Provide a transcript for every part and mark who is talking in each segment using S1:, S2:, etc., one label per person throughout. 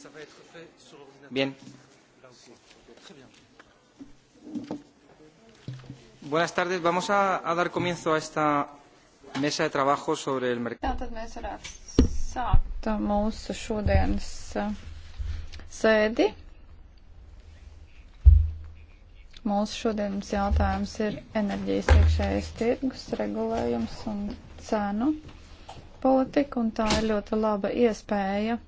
S1: Ça va être fait sur l'ordinateur. Bien. Là aussi. Très bien.
S2: Buenas tardes. Vamos a, a dar comienzo a esta mesa de trabajo sobre el mercado.
S3: Tātad mēs varētu sākt mūsu šodienas eh, sēdi. Mūsu šodienas jautājums ir enerģijas iekšējais tirgus, regulējums un cenu politika, un tā ir ļoti laba iespēja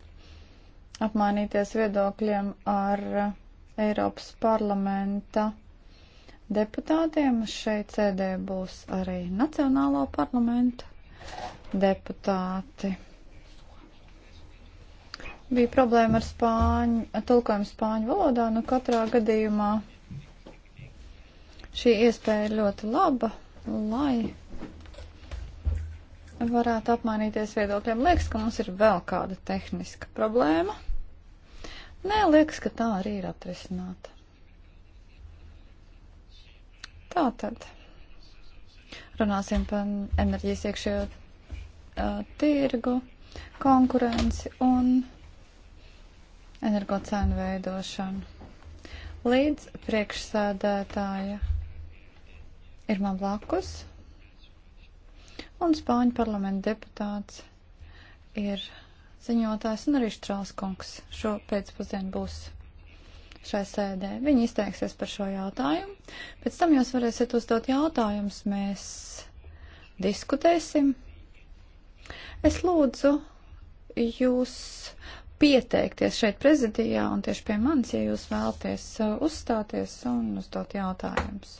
S3: apmainīties viedokļiem ar Eiropas parlamenta deputātiem. Šeit sēdē būs arī Nacionālo parlamentu deputāti. Bija problēma ar spāņu, tulkojumu spāņu valodā, nu katrā gadījumā šī iespēja ir ļoti laba, lai varētu apmainīties viedokļiem. Liekas, ka mums ir vēl kāda tehniska problēma. Nē, liekas, ka tā arī ir atrisināta. Tā tad. Runāsim par enerģijas iekšējo uh, tirgu, konkurenci un energocēnu veidošanu. Līdz priekšsēdētāja ir man blakus un Spāņu parlamenta deputāts ir ziņotājs, un arī Štrāskungs šo pēcpusdienu būs šai sēdē. Viņi izteiksies par šo jautājumu. Pēc tam jūs varēsiet uzdot jautājumus, mēs diskutēsim. Es lūdzu jūs pieteikties šeit prezidijā un tieši pie manis, ja jūs vēlties uh, uzstāties un uzdot jautājumus.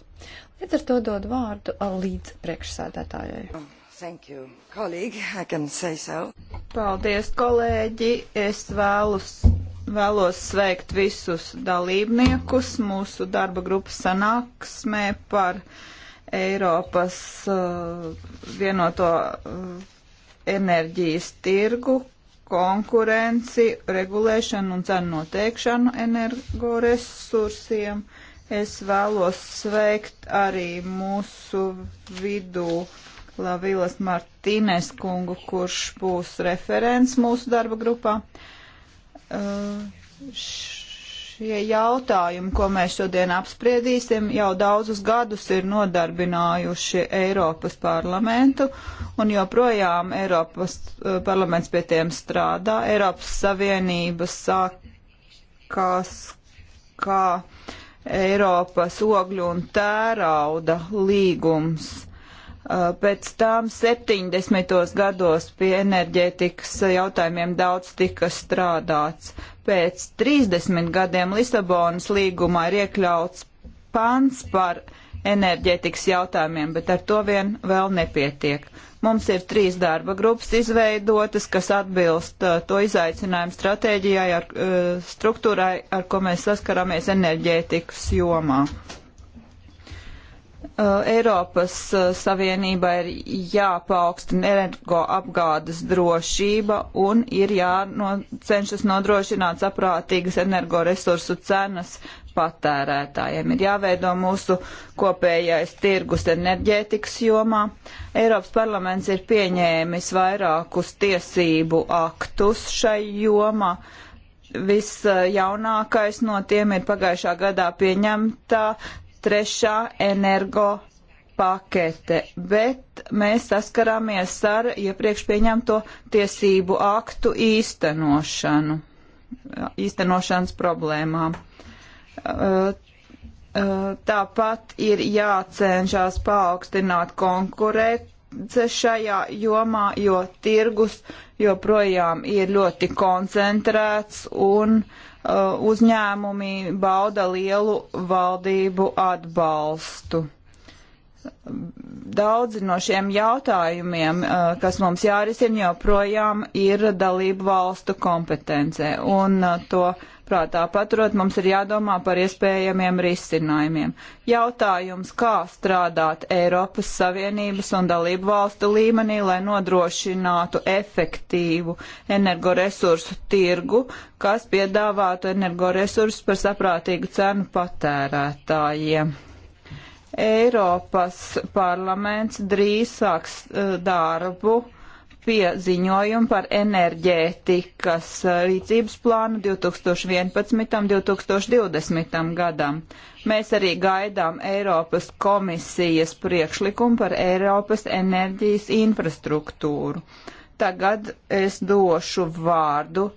S3: Līdz ar to dod vārdu uh, līdz priekšsēdētājai. Oh. Thank you,
S2: colleague. I can say so. Paldies, kolēģi. Es vēlus, vēlos sveikt visus dalībniekus mūsu darba grupas sanāksmē par Eiropas uh, vienoto uh, enerģijas tirgu, konkurenci, regulēšanu un cenu noteikšanu energoresursiem. Es vēlos sveikt arī mūsu vidū uh, Lavilas Martīnes kungu, kurš būs referents mūsu darba grupā.
S1: Uh,
S2: šie jautājumi, ko mēs šodien apspriedīsim, jau daudzus gadus ir nodarbinājuši Eiropas parlamentu, un joprojām Eiropas uh, parlaments pie tiem strādā. Eiropas Savienība sākās kā Eiropas ogļu un tērauda līgums Uh, pēc tam 70. gados pie enerģētikas jautājumiem daudz tika strādāts. Pēc 30 gadiem Lisabonas līgumā ir iekļauts pants par enerģētikas jautājumiem, bet ar to vien vēl nepietiek. Mums ir trīs darba grupas izveidotas, kas atbilst uh, to izaicinājumu stratēģijai, ar, uh, struktūrai, ar ko mēs saskaramies enerģētikas jomā. Uh, Uh, Eiropas uh, Savienība ir jāpaukstina energoapgādes drošība un ir jācenšas nodrošināt saprātīgas energoresursu cenas patērētājiem. Ir jāveido mūsu kopējais tirgus enerģētikas jomā. Eiropas parlaments ir pieņēmis vairākus tiesību aktus šai jomā visjaunākais no tiem ir pagājušā gadā pieņemtā trešā energo pakete, bet mēs saskarāmies ar iepriekš ja pieņemto tiesību aktu īstenošanu, īstenošanas problēmām. Eh, eh, tāpat ir jācenšas paaugstināt konkurence šajā jomā, jo tirgus joprojām ir ļoti koncentrēts un uh, Uh, uzņēmumi bauda lielu valdību atbalstu. Daudzi no šiem jautājumiem, uh, kas mums jārisina, joprojām ir dalību valstu kompetencē, un uh, to prātā paturot, mums ir jādomā par iespējamiem risinājumiem. Jautājums, kā strādāt Eiropas Savienības un dalību valstu līmenī, lai nodrošinātu efektīvu energoresursu tirgu, kas piedāvātu energoresursus par saprātīgu cenu patērētājiem. Eiropas parlaments drīz sāks eh, darbu pie ziņojuma par enerģētikas eh, rīcības plānu 2011-2020 gadam. Mēs arī gaidām Eiropas komisijas priekšlikumu par Eiropas enerģijas infrastruktūru. Tagad es došu vārdu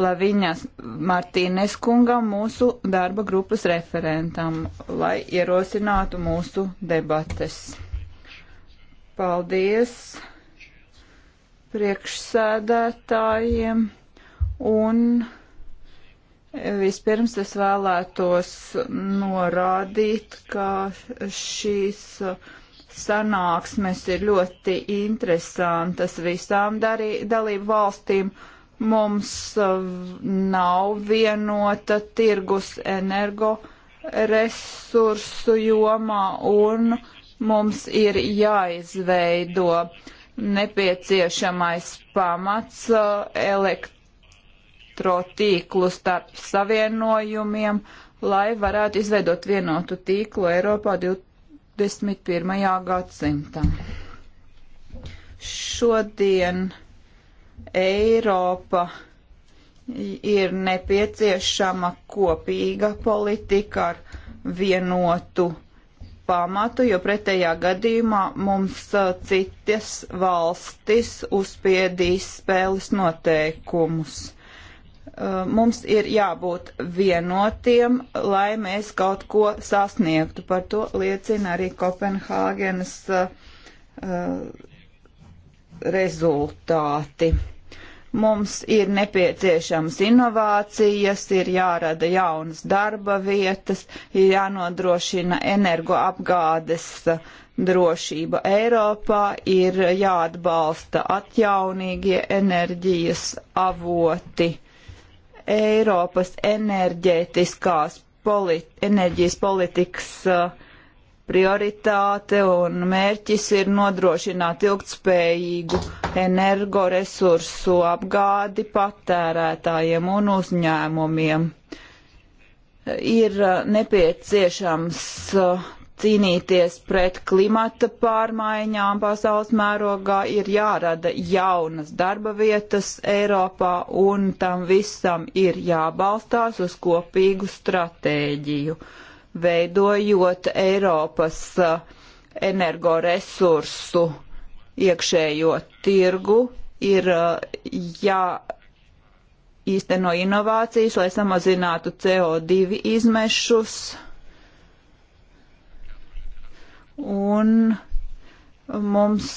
S2: Laviņas Martīnes kungam, mūsu darba grupas referentam, lai ierosinātu mūsu debates. Paldies priekšsēdētājiem un vispirms es vēlētos norādīt, ka šīs sanāksmes ir ļoti interesantas visām darī, dalību valstīm Mums uh, nav vienota tirgus energo resursu jomā un mums ir jāizveido nepieciešamais pamats uh, elektrotīklu starp savienojumiem, lai varētu izveidot vienotu tīklu Eiropā 21. gadsimtā. Šodien Eiropa ir nepieciešama kopīga politika ar vienotu pamatu, jo pretējā gadījumā mums uh, citas valstis uzspiedīs spēles noteikumus. Uh, mums ir jābūt vienotiem, lai mēs kaut ko sasniegtu. Par to liecina arī Kopenhāgenes uh, rezultāti. Mums ir nepieciešams inovācijas, ir jārada jaunas darba vietas, ir jānodrošina energoapgādes drošība Eiropā, ir jāatbalsta atjaunīgie enerģijas avoti. Eiropas enerģētiskās polit enerģijas politikas uh, prioritāte un mērķis ir nodrošināt ilgtspējīgu energoresursu apgādi patērētājiem un uzņēmumiem. Ir uh, nepieciešams uh, cīnīties pret klimata pārmaiņām pasaules mērogā, ir jārada jaunas darba vietas Eiropā un tam visam ir jābalstās uz kopīgu stratēģiju. Uh, veidojot Eiropas eh, energoresursu iekšējo tirgu, ir eh, jāīsteno ja inovācijas, lai samazinātu CO2 izmešus. Un mums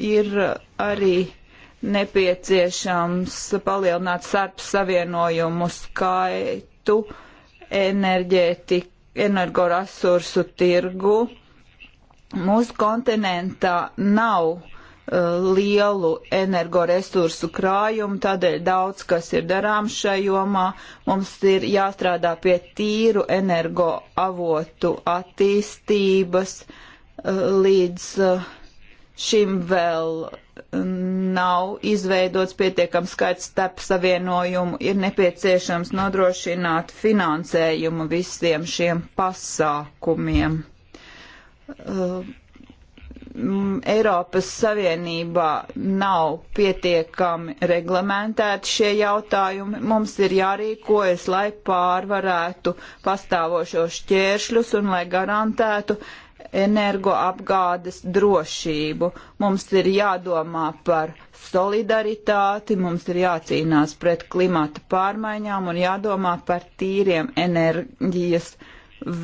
S2: ir arī nepieciešams palielināt starp savienojumu skaitu energoresursu tirgu. Mūsu kontinentā nav uh, lielu energoresursu krājumu, tādēļ daudz kas ir darāms šai jomā. Mums ir jāstrādā pie tīru energoavotu attīstības uh, līdz uh, šim vēl nav izveidots pietiekams skaits starp savienojumu, ir nepieciešams nodrošināt finansējumu visiem šiem pasākumiem. Uh, Eiropas Savienībā nav pietiekami reglamentēti šie jautājumi. Mums ir jārīkojas, lai pārvarētu pastāvošos šķēršļus un lai garantētu energoapgādes drošību. Mums ir jādomā par solidaritāti, mums ir jācīnās pret klimata pārmaiņām un jādomā par tīriem enerģijas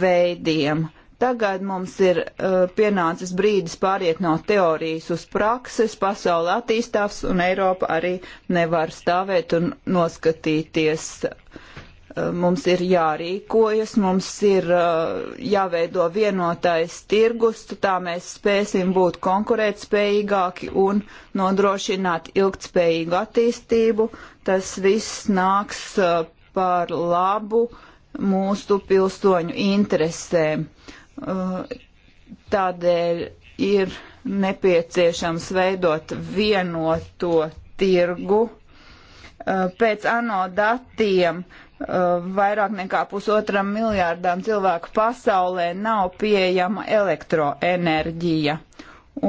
S2: veidiem. Tagad mums ir uh, pienācis brīdis pāriet no teorijas uz prakses, pasaule attīstās un Eiropa arī nevar stāvēt un noskatīties uh, mums ir jārīkojas, mums ir uh, jāveido vienotais tirgus, tā mēs spēsim būt konkurētspējīgāki un nodrošināt ilgtspējīgu attīstību. Tas viss nāks uh, par labu mūsu pilsoņu interesēm. Uh, tādēļ ir nepieciešams veidot vienoto tirgu. Pēc ANO datiem Uh, vairāk nekā pusotram miljārdam cilvēku pasaulē nav pieejama elektroenerģija.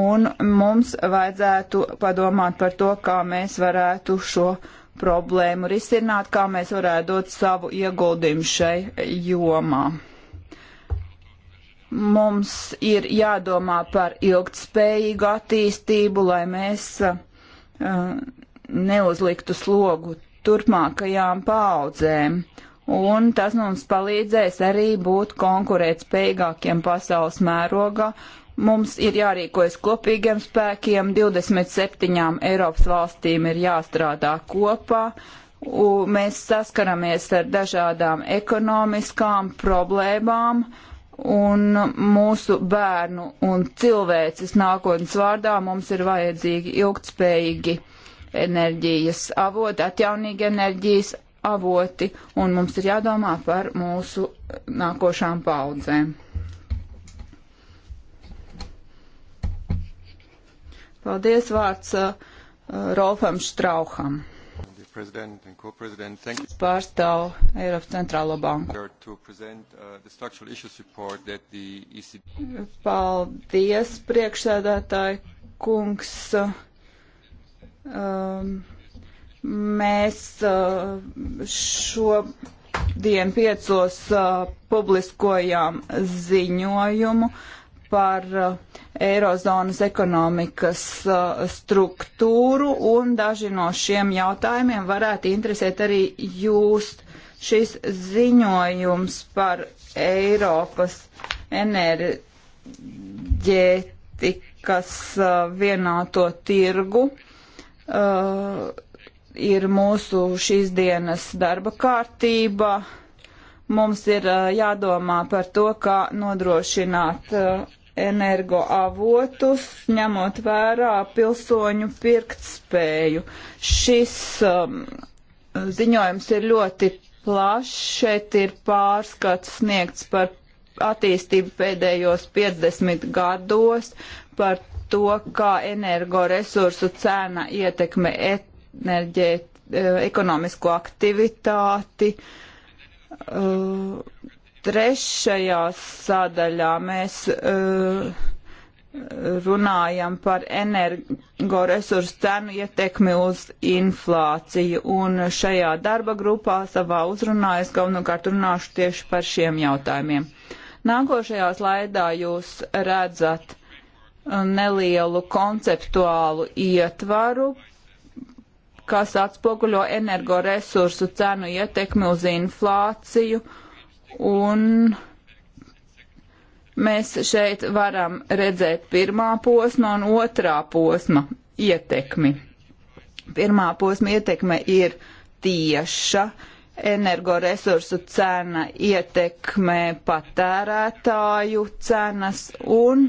S2: Un mums vajadzētu padomāt par to, kā mēs varētu šo problēmu risināt, kā mēs varētu dot savu ieguldījumu šai jomā. Mums ir jādomā par ilgtspējīgu attīstību, lai mēs uh, neuzliktu slogu turpmākajām paudzēm. Un tas mums palīdzēs arī būt konkurētspējīgākiem pasaules mērogā. Mums ir jārīkojas kopīgiem spēkiem, 27 Eiropas valstīm ir jāstrādā kopā. Un mēs saskaramies ar dažādām ekonomiskām problēmām, un mūsu bērnu un cilvēces nākotnes vārdā mums ir vajadzīgi ilgtspējīgi enerģijas avoti, atjaunīgi enerģijas avoti, un mums ir jādomā par mūsu nākošām paudzēm. Paldies vārds uh, Rolfam Štrauham. Pārstāv Eiropas centrālo banku. Paldies, priekšsēdētāji kungs. Uh, Um, mēs uh, šodien piecos uh, publiskojām ziņojumu par uh, Eirozonas ekonomikas struktūru, un daži no šiem jautājumiem varētu interesēt arī jūs. Šis ziņojums par Eiropas enerģētikas vienāto tirgu uh, uh, ir mūsu šīs dienas darba kārtība. Mums ir uh, jādomā par to, kā nodrošināt uh, energoavotus, ņemot vērā pilsoņu pirktspēju. Šis um, ziņojums ir ļoti plašs. Šeit ir pārskats sniegts par attīstību pēdējos 50 gados, par to, kā energoresursu cena ietekme enerģēt, eh, ekonomisko aktivitāti. Eh, trešajā sadaļā mēs eh, runājam par energoresursu cenu ietekmi uz inflāciju, un šajā darba grupā savā uzrunā es galvenokārt runāšu tieši par šiem jautājumiem. Nākošajā slaidā jūs redzat nelielu konceptuālu ietvaru, kas atspoguļo energoresursu cenu ietekmi uz inflāciju, un mēs šeit varam redzēt pirmā posma un otrā posma ietekmi. Pirmā posma ietekme ir tieša, energoresursu cena ietekmē patērētāju cenas un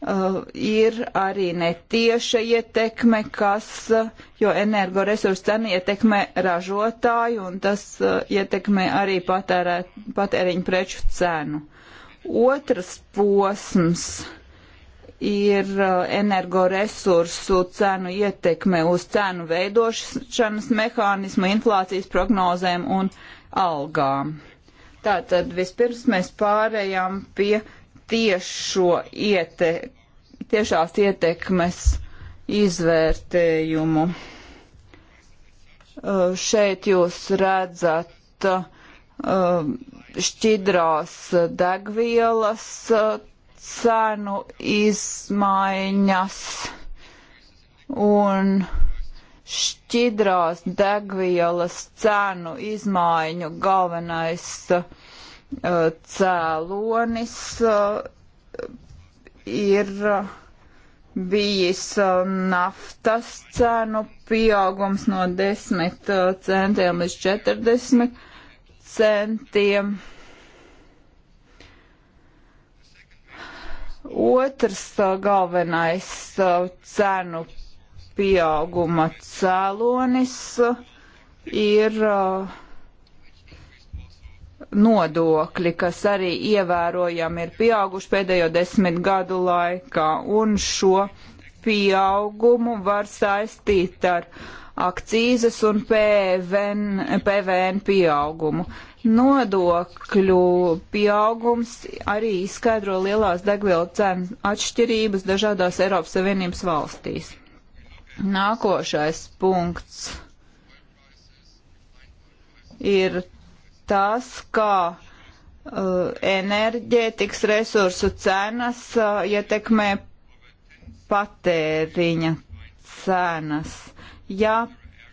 S2: Uh, ir arī netieša ietekme, kas, uh, jo energoresursu cena ietekmē ražotāju un tas uh, ietekmē arī patērē, patēriņu preču cenu. Otrs posms ir uh, energoresursu cenu ietekme uz cenu veidošanas mehānismu, inflācijas prognozēm un algām. Tātad vispirms mēs pārējām pie uh, tiešo iete, tiešās ietekmes izvērtējumu. Uh, šeit jūs redzat uh, šķidrās degvielas uh, cenu izmaiņas un šķidrās degvielas cenu izmaiņu galvenais uh, Uh, cēlonis uh, ir uh, bijis naftas cenu pieaugums no 10 centiem līdz 40 centiem. Otrs galvenais cenu pieauguma cēlonis ir uh, nodokļi, kas arī ievērojami ir pieauguši pēdējo desmit gadu laikā, un šo pieaugumu var saistīt ar akcīzes un PVN, PVN pieaugumu. Nodokļu pieaugums arī izskaidro lielās degvielu cenu atšķirības dažādās Eiropas Savienības valstīs. Nākošais punkts ir tas, kā uh, enerģētikas resursu cenas uh, ietekmē patēriņa cenas. Ja,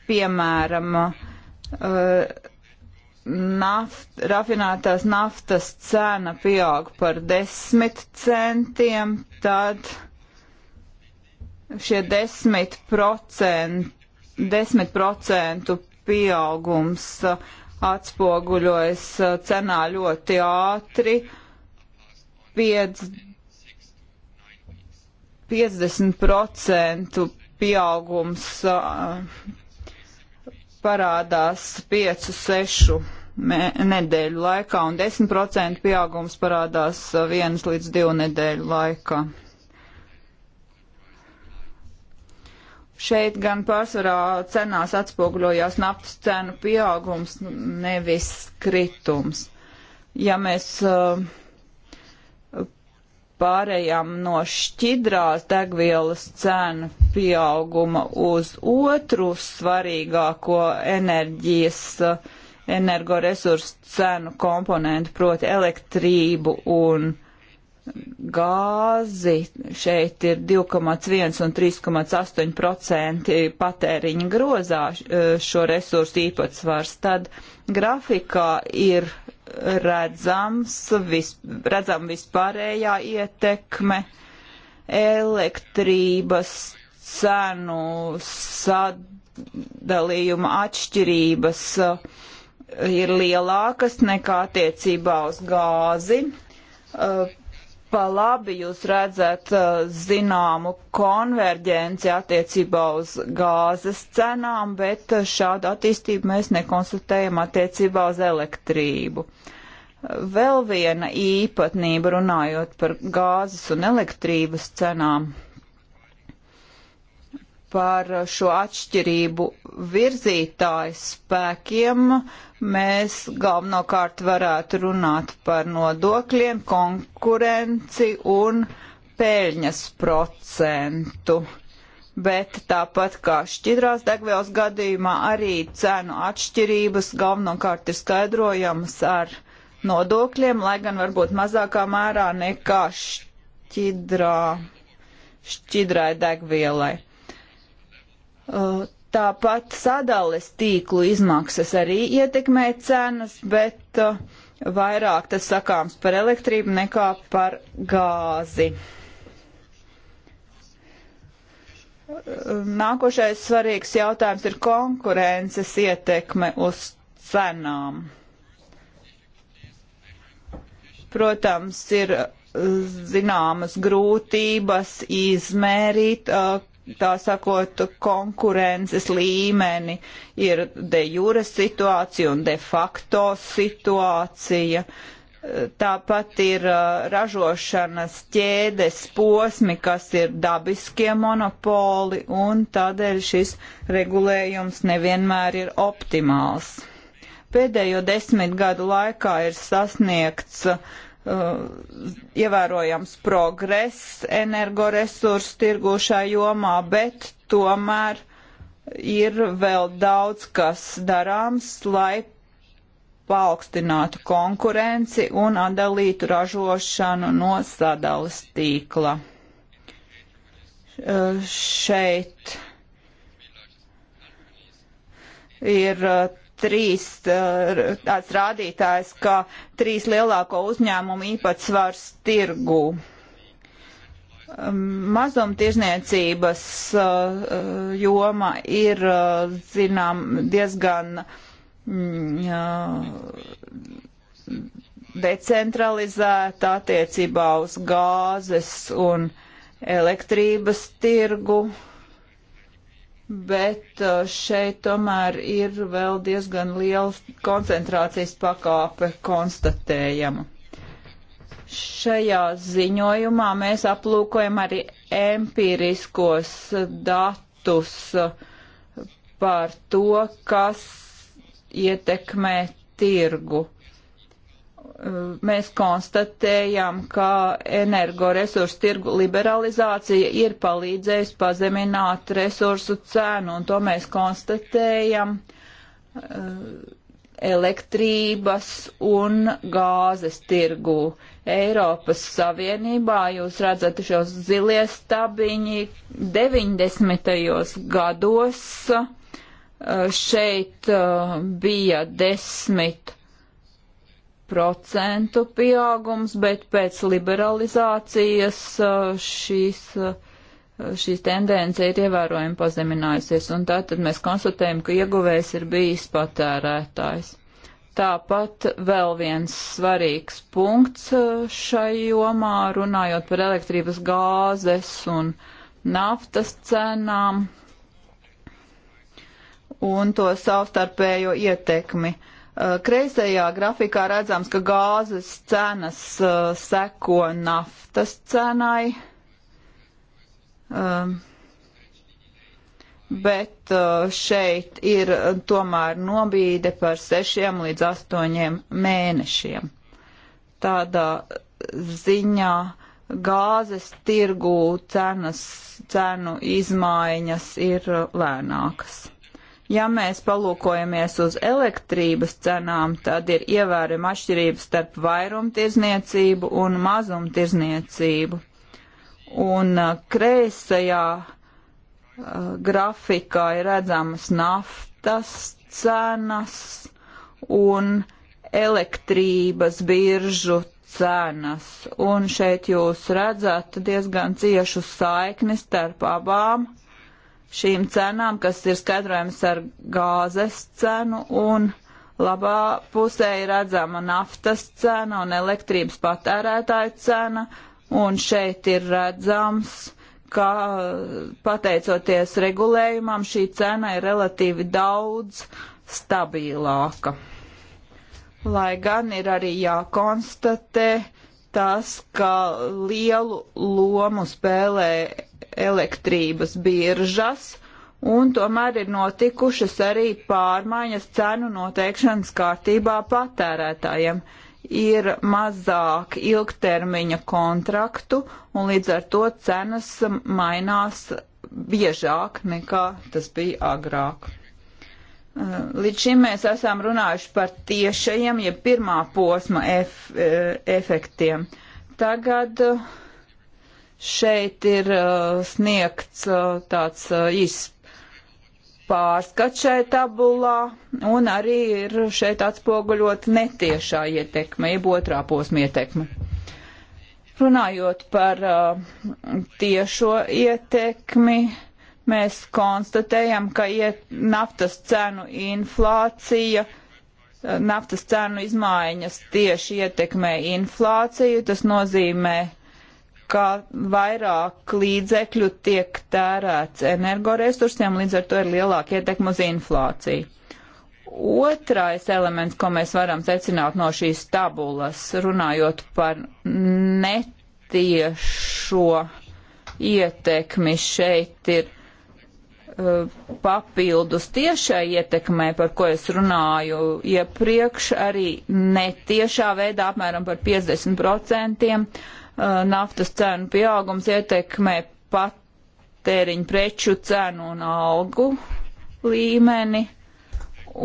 S2: piemēram, uh, naft, rafinētās naftas cena pieaug par desmit centiem, tad šie desmit procentu, desmit procentu pieaugums uh, atspoguļojas uh, cenā ļoti ātri. 50% pieaugums uh, parādās 5-6 nedēļu laikā un 10% pieaugums parādās 1 uh, līdz 2 nedēļu laikā. Šeit gan pārsvarā cenās atspoguļojās naftas cenu pieaugums, nevis kritums. Ja mēs uh, pārējām no šķidrās degvielas cenu pieauguma uz otru svarīgāko enerģijas uh, energoresursu cenu komponentu, proti elektrību un gāzi. Šeit ir 2,1 un 3,8% patēriņa grozā šo resursu īpatsvars. Tad grafikā ir redzams, vis, redzam vispārējā ietekme elektrības cenu sadalījuma atšķirības uh, ir lielākas nekā attiecībā uz gāzi. Uh, pa labi jūs redzat uh, zināmu konverģenci attiecībā uz gāzes cenām, bet uh, šādu attīstību mēs nekonstatējam attiecībā uz elektrību. Vēl viena īpatnība runājot par gāzes un elektrības cenām, par šo atšķirību virzītāju spēkiem uh, mēs galvenokārt varētu runāt par nodokļiem, konkurenci un peļņas procentu. Bet tāpat kā šķidrās degvielas gadījumā, arī cenu atšķirības galvenokārt ir skaidrojamas ar nodokļiem, lai gan varbūt mazākā mērā nekā šķidrā, šķidrai degvielai. Uh, Tāpat sadales tīklu izmaksas arī ietekmē cenas, bet uh, vairāk tas sakāms par elektrību nekā par gāzi. Nākošais svarīgs jautājums ir konkurences ietekme uz cenām. Protams, ir zināmas grūtības izmērīt, uh, tā sakot, konkurences līmeni, ir de jure situācija un de facto situācija. Tāpat ir uh, ražošanas ķēdes posmi, kas ir dabiskie monopoli, un tādēļ šis regulējums nevienmēr ir optimāls. Pēdējo desmit gadu laikā ir sasniegts uh, Uh, ievērojams progress energoresursu tirgū šajā jomā, bet tomēr ir vēl daudz kas darāms, lai paaugstinātu konkurenci un atdalītu ražošanu no sadales tīkla. Uh, šeit ir uh, trīs tāds rādītājs, kā trīs lielāko uzņēmumu īpatsvars tirgu. Mazumtirzniecības joma ir, zinām, diezgan mm, decentralizēta attiecībā uz gāzes un elektrības tirgu. Uh, bet uh, šeit tomēr ir vēl diezgan liela koncentrācijas pakāpe konstatējama. Šajā ziņojumā mēs aplūkojam arī empiriskos datus par to, kas ietekmē tirgu mēs konstatējam, ka energoresursu tirgu liberalizācija ir palīdzējusi pazemināt resursu cenu, un to mēs konstatējam eh, elektrības un gāzes tirgu. Eiropas Savienībā jūs redzat šos zilie stabiņi 90. gados. Eh, šeit eh, bija desmit procentu pieaugums, bet pēc liberalizācijas uh, šīs, uh, šīs tendence ir ievērojami pazeminājusies, un tātad mēs konstatējam, ka ieguvējs ir bijis patērētājs. Tāpat vēl viens svarīgs punkts uh, šai jomā, runājot par elektrības gāzes un naftas cenām un to savstarpējo ietekmi. Uh, Eh, kreisajā grafikā redzams, ka gāzes cenas uh, seko naftas cenai, um, bet uh, šeit ir tomēr nobīde par sešiem līdz astoņiem mēnešiem. Tādā ziņā gāzes tirgū cenas, cenu izmaiņas ir lēnākas. Ja mēs palūkojamies uz elektrības cenām, tad ir ievērojama atšķirība starp vairumtirzniecību un mazumtirzniecību. Un uh, kreisajā uh, grafikā ir redzamas naftas cenas un elektrības biržu cenas. Un šeit jūs redzat diezgan ciešu saikni starp abām šīm cenām, kas ir skaidrojams ar gāzes cenu, un labā pusē ir redzama naftas cena un elektrības patērētāja cena, un šeit ir redzams, ka pateicoties regulējumam šī cena ir relatīvi daudz stabilāka. Lai gan ir arī jākonstatē tas, ka lielu lomu spēlē elektrības biržas, un tomēr ir notikušas arī pārmaiņas cenu noteikšanas kārtībā patērētājiem. Ir mazāk ilgtermiņa kontraktu, un līdz ar to cenas mainās biežāk nekā tas bija agrāk. Eh, līdz šim mēs esam runājuši par tiešajiem, jeb ja pirmā posma ef, eh, efektiem. Tagad uh, Šeit ir uh, sniegts uh, tāds uh, īsts pārskats šai tabulā, un arī ir šeit atspoguļot netiešā ietekme, jeb otrā posma ietekme. Runājot par uh, tiešo ietekmi, mēs konstatējam, ka iet, naftas cenu inflācija, uh, naftas cenu izmaiņas tieši ietekmē inflāciju, tas nozīmē uh, kā vairāk līdzekļu tiek tērēts energoresursiem, līdz ar to ir lielāka ietekma uz inflāciju. Otrais elements, ko mēs varam secināt no šīs tabulas, runājot par netiešo ietekmi, šeit ir uh, papildus tiešai ietekmē, par ko es runāju iepriekš, arī netiešā veidā apmēram par 50% Uh, naftas cenu pieaugums ietekmē patēriņu preču cenu un algu līmeni.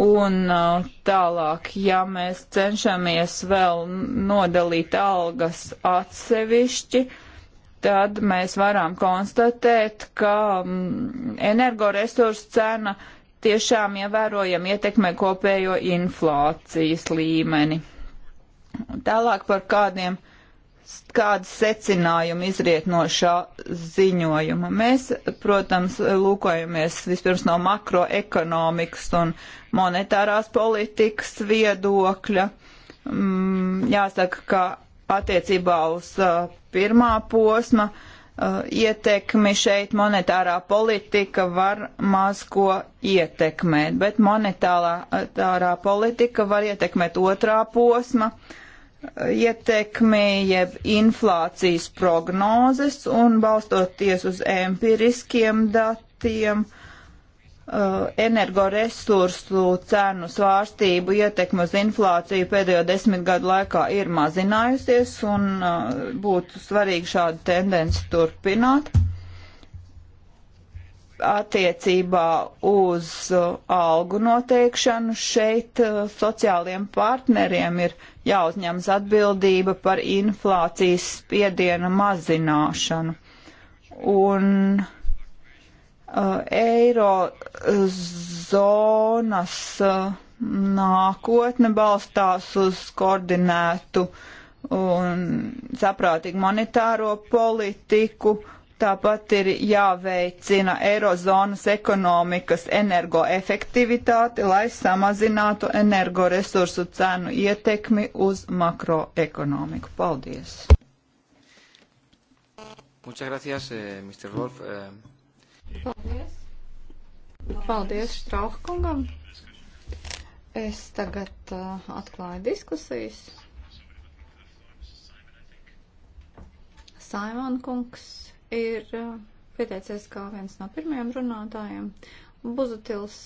S2: Un uh, tālāk, ja mēs cenšamies vēl nodalīt algas atsevišķi, tad mēs varam konstatēt, ka mm, energoresursu cena tiešām ievērojami ietekmē kopējo inflācijas līmeni. Tālāk par kādiem kādi secinājumi izriet no šā ziņojuma. Mēs, protams, lūkojamies vispirms no makroekonomikas un monetārās politikas viedokļa. Mm, jāsaka, ka attiecībā uz uh, pirmā posma uh, ietekmi šeit monetārā politika var maz ko ietekmēt, bet monetārā politika var ietekmēt otrā posma. Uh, ietekmi jeb inflācijas prognozes un balstoties uz empiriskiem datiem uh, energoresursu cenu svārstību ietekmi uz inflāciju pēdējo desmit gadu laikā ir mazinājusies un uh, būtu svarīgi šādu tendenci turpināt attiecībā uz uh, algu noteikšanu šeit uh, sociāliem partneriem ir jāuzņemas atbildība par inflācijas spiediena mazināšanu. Un uh, eirozonas uh, nākotne balstās uz koordinētu un saprātīgu monetāro politiku Tāpat ir jāveicina Eirozonas ekonomikas energoefektivitāte, lai samazinātu energoresursu cenu ietekmi uz makroekonomiku. Paldies!
S3: Muchas gracias, eh, Mr. Wolf. Eh. Paldies. Paldies Strauhkungam. Es tagad uh, atklāju diskusijas. Saimon kungs ir uh, pieteicies kā viens no pirmajiem runātājiem.
S1: Buzutils,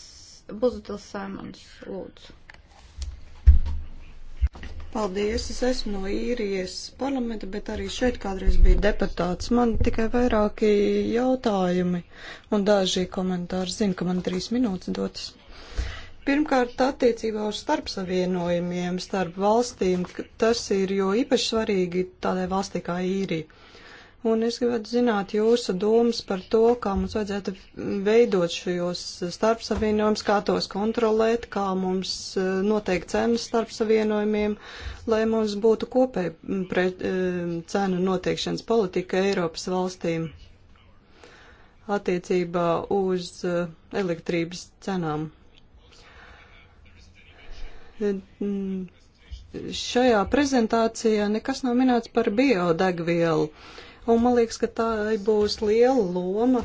S1: Buzutils Saimons, lūdzu. Paldies, es esmu no īrijas parlamenta, bet arī šeit kādreiz bija deputāts. Man tikai vairāki jautājumi un daži komentāri. Zinu, ka man trīs minūtes dotas. Pirmkārt, attiecībā uz starpsavienojumiem starp valstīm, tas ir jo īpaši svarīgi tādai valstī kā īrija Un es gribētu zināt jūsu domas par to, kā mums vajadzētu veidot šajos starpsavienojumus, kā tos kontrolēt, kā mums eh, noteikt cenas starpsavienojumiem, lai mums būtu kopēja pre, eh, cenu noteikšanas politika Eiropas valstīm attiecībā uz eh, elektrības cenām. Šajā prezentācijā nekas nav minēts par biodegvielu. Uh, Un man liekas, ka tā būs liela loma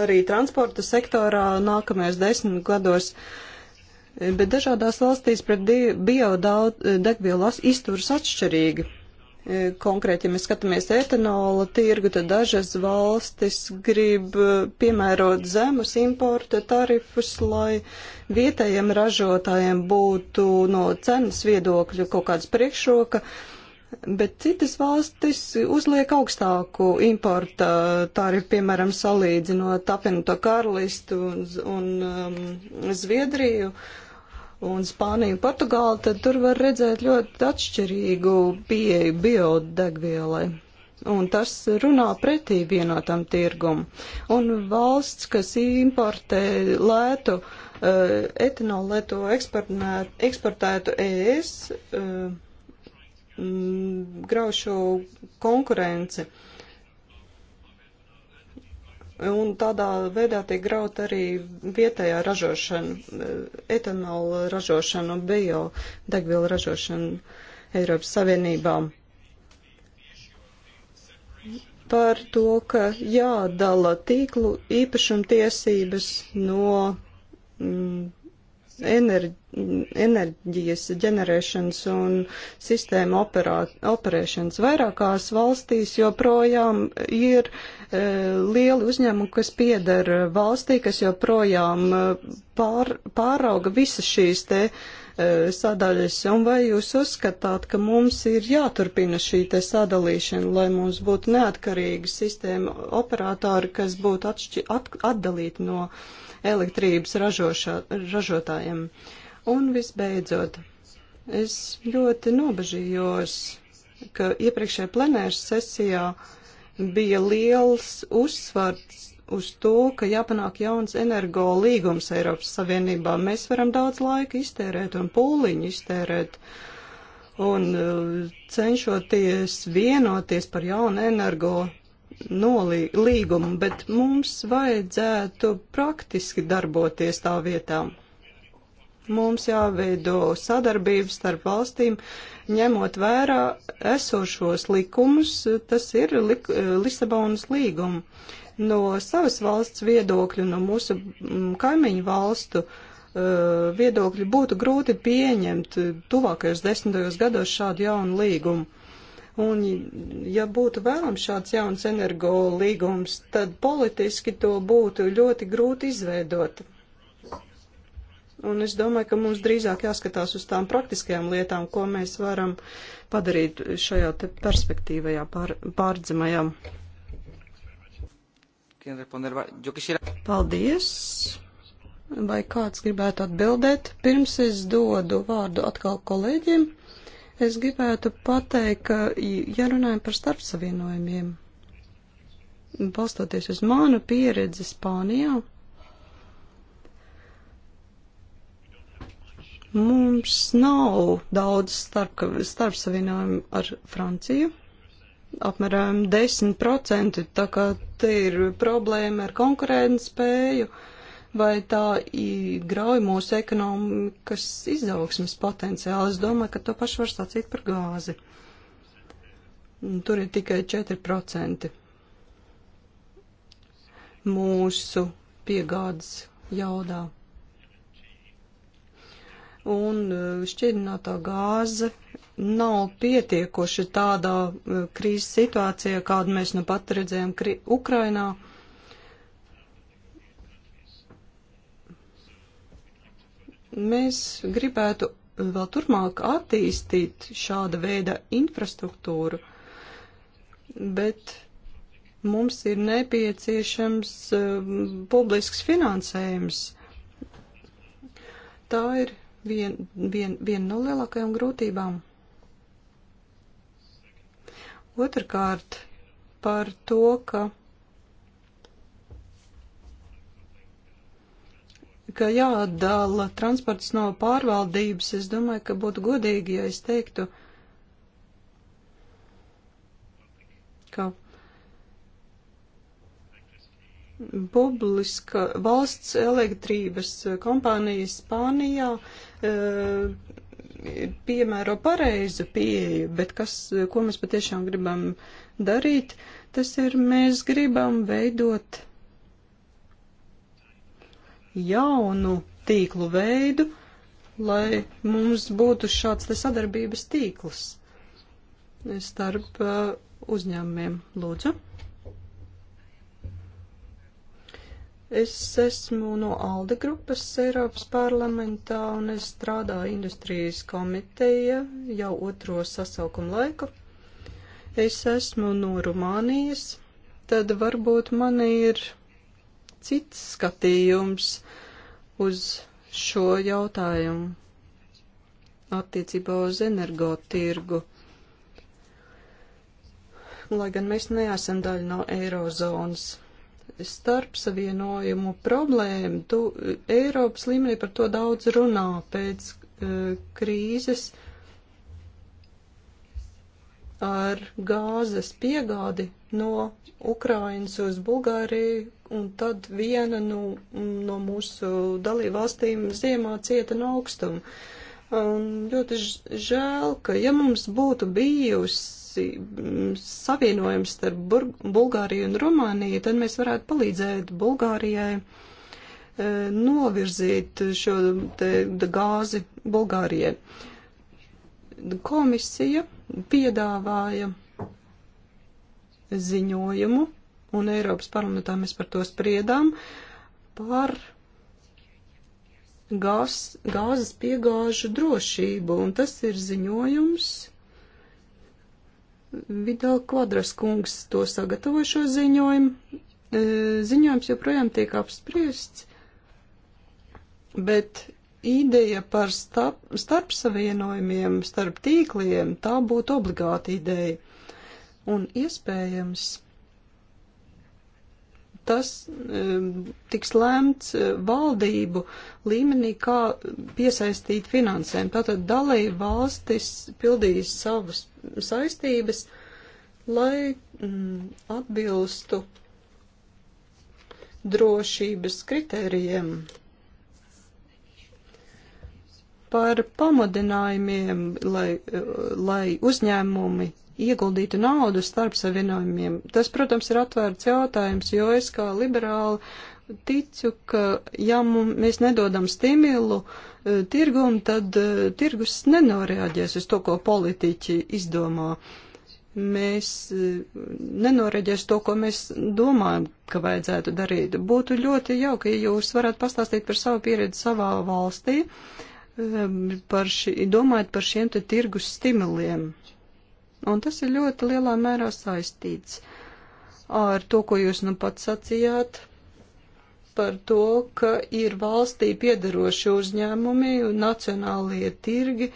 S1: arī transporta sektorā nākamajos desmit gados. Bet dažādās valstīs pret biodegvielas izturas atšķirīgi. E, konkrēti, ja mēs skatāmies etanola tirgu, tad dažas valstis grib e, piemērot zemus importa tarifus, lai vietējiem ražotājiem būtu no cenas viedokļa kaut kāds priekšroka, bet citas valstis uzliek augstāku importa tarifu, piemēram, salīdzinot apvienoto karalistu un, un um, Zviedriju. Uh, un Spāniju un Portugāli, tad tur var redzēt ļoti atšķirīgu pieeju biodegvielai. Un tas runā pretī vienotam tirgum. Un valsts, kas importē lētu uh, etanolu, lai to eksportētu ES, uh, eh, graušu konkurenci. Uh, un tādā veidā tiek graut arī vietējā ražošana, etanola ražošana un bio degvielu ražošana Eiropas Savienībā. Par to, ka jādala tīklu īpašumtiesības no mm, enerģijas ģenerēšanas un sistēma operā, operēšanas vairākās valstīs joprojām ir e, lieli uzņēmumi, kas piedara valstī, kas joprojām e, pār, pārauga visas šīs te e, sadaļas. Un vai jūs uzskatāt, ka mums ir jāturpina šī te sadalīšana, lai mums būtu neatkarīga sistēma operatori, kas būtu atšķi, at, atdalīti no elektrības ražošā, ražotājiem. Un visbeidzot, es ļoti nobežījos, ka iepriekšējā plenēras sesijā bija liels uzsvars uz to, ka jāpanāk jauns energo līgums Eiropas Savienībā. Mēs varam daudz laika iztērēt un pūliņu iztērēt un uh, cenšoties vienoties par jaunu energo nolīgumu, bet mums vajadzētu praktiski darboties tā vietā. Mums jāveido sadarbības starp valstīm, ņemot vērā esošos likumus, tas ir lik Lisabonas līguma. No savas valsts viedokļu, no mūsu mm, kaimiņu valstu uh, viedokļu būtu grūti pieņemt tuvākajos desmitajos gados šādu jaunu līgumu. Un, ja būtu vēlams šāds jauns energo līgums, tad politiski to būtu ļoti grūti izveidot. Un es domāju, ka mums drīzāk jāskatās uz tām praktiskajām lietām, ko mēs varam padarīt šajā te perspektīvajā pār, pārdzimajā. Paldies! Vai kāds gribētu atbildēt? Pirms es dodu vārdu atkal kolēģiem. Es gribētu pateikt, ka, ja runājam par starpsavienojumiem, balstoties uz manu pieredzi Spānijā, mums nav daudz starp, starpsavienojumu ar Franciju. Apmēram 10%, tā kā te ir problēma ar konkurētspēju spēju vai tā grauj mūsu ekonomikas izaugsmas potenciāli. Es domāju, ka to pašu var sacīt par gāzi. Tur ir tikai 4% mūsu piegādes jaudā. Un e, šķirinātā gāze nav pietiekoši tādā e, krīzes situācijā, kādu mēs nu pat redzējām Ukrainā. Mēs gribētu vēl turpmāk attīstīt šāda veida infrastruktūru, bet mums ir nepieciešams um, publisks finansējums. Tā ir viena vien, vien no lielākajām grūtībām. Otrakārt, par to, ka ka jāatdala transports no pārvaldības, es domāju, ka būtu godīgi, ja es teiktu, ka publiska valsts elektrības kompānija Spānijā e, piemēro pareizu pieeju, bet kas, ko mēs patiešām gribam darīt, tas ir mēs gribam veidot jaunu tīklu veidu, lai mums būtu šāds te sadarbības tīkls starp uh, uzņēmumiem. Lūdzu. Es esmu no Alde grupas Eiropas parlamentā un es strādāju industrijas komiteja jau otro sasaukumu laiku. Es esmu no Rumānijas, tad varbūt man ir cits skatījums uz šo jautājumu attiecībā uz energotirgu. Lai gan mēs neesam daļa no eirozonas starp savienojumu problēmu, tu, Eiropas līmenī par to daudz runā pēc uh, krīzes ar gāzes piegādi no Ukrainas uz Bulgāriju, un tad viena nu, no mūsu dalībvalstīm ziemā cieta no augstuma. Un ļoti žēl, ka ja mums būtu bijusi mm, savienojums starp Bur Bulgāriju un Rumāniju, tad mēs varētu palīdzēt Bulgārijai e, novirzīt šo te, gāzi Bulgārijai. Komisija piedāvāja ziņojumu, un Eiropas parlamentā mēs par to spriedām, par gāz, gāzes piegāžu drošību, un tas ir ziņojums. Vidal Kvadras kungs to sagatavo šo ziņojumu. E, ziņojums joprojām tiek apspriests, bet ideja par starp, starp savienojumiem, starp tīkliem, tā būtu obligāta ideja un iespējams tas um, tiks lēmts uh, valdību līmenī, kā piesaistīt finansēm. Tātad dalība valstis pildīs savas saistības, lai mm, atbilstu drošības kritērijiem. Par pamudinājumiem, lai, uh, lai uzņēmumi ieguldītu naudu starp savienojumiem. Tas, protams, ir atvērts jautājums, jo es kā liberāli ticu, ka ja mēs nedodam stimulu e, tirgum, tad e, tirgus nenoreaģēs uz to, ko politiķi izdomā. Mēs e, nenoreaģēs to, ko mēs domājam, ka vajadzētu darīt. Būtu ļoti jauki, ja jūs varētu pastāstīt par savu pieredzi savā valstī, par šī, domājot par šiem te tirgus stimuliem. Un tas ir ļoti lielā mērā saistīts ar to, ko jūs nu pats sacījāt par to, ka ir valstī piedaroši uzņēmumi un nacionālie tirgi,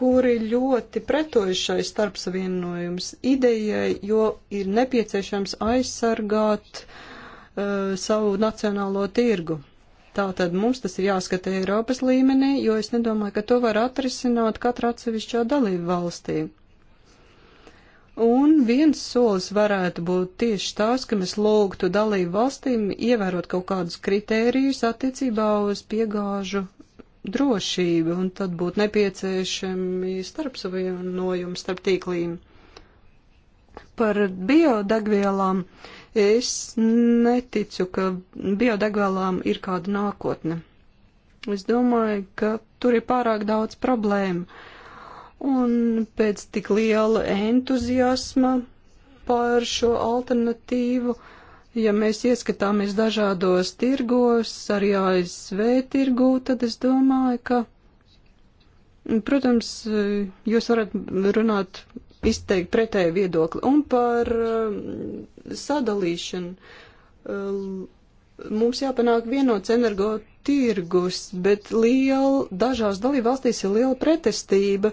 S1: kuri ļoti pretojas šai starpsavienojums idejai, jo ir nepieciešams aizsargāt uh, savu nacionālo tirgu. Tātad mums tas ir jāskata Eiropas līmenī, jo es nedomāju, ka to var atrisināt katra atsevišķā dalība valstī. Un viens solis varētu būt tieši tās, ka mēs lūgtu dalību valstīm ievērot kaut kādus kritērijus attiecībā uz piegāžu drošību, un tad būtu nepieciešami starpsavienojumi starp tīklīm. Par biodegvielām es neticu, ka biodegvielām ir kāda nākotne. Es domāju, ka tur ir pārāk daudz problēmu Un pēc tik liela entuziasma par šo alternatīvu, ja mēs ieskatāmies dažādos tirgos, arī ASV tirgū, tad es domāju, ka, protams, jūs varat runāt izteikt pretēju viedokli. Un par um, sadalīšanu um, mums jāpanāk vienots energo tirgus, bet liela, dažās dalībvalstīs ir liela pretestība,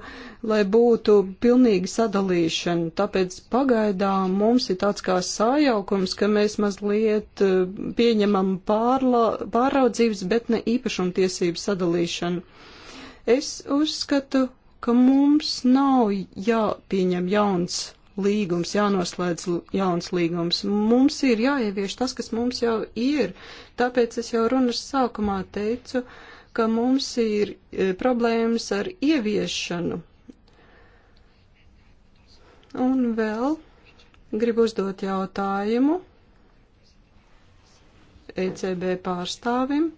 S1: lai būtu pilnīga sadalīšana. Tāpēc pagaidām mums ir tāds kā sājaukums, ka mēs mazliet eh, pieņemam pārla, pāraudzības, bet ne īpašumtiesību sadalīšanu. Es uzskatu, ka mums nav jāpieņem jauns līgums, jānoslēdz jauns līgums. Mums ir jāievieš tas, kas mums jau ir. Tāpēc es jau runas sākumā teicu, ka mums ir e, problēmas ar ieviešanu. Un vēl gribu uzdot jautājumu ECB pārstāvim.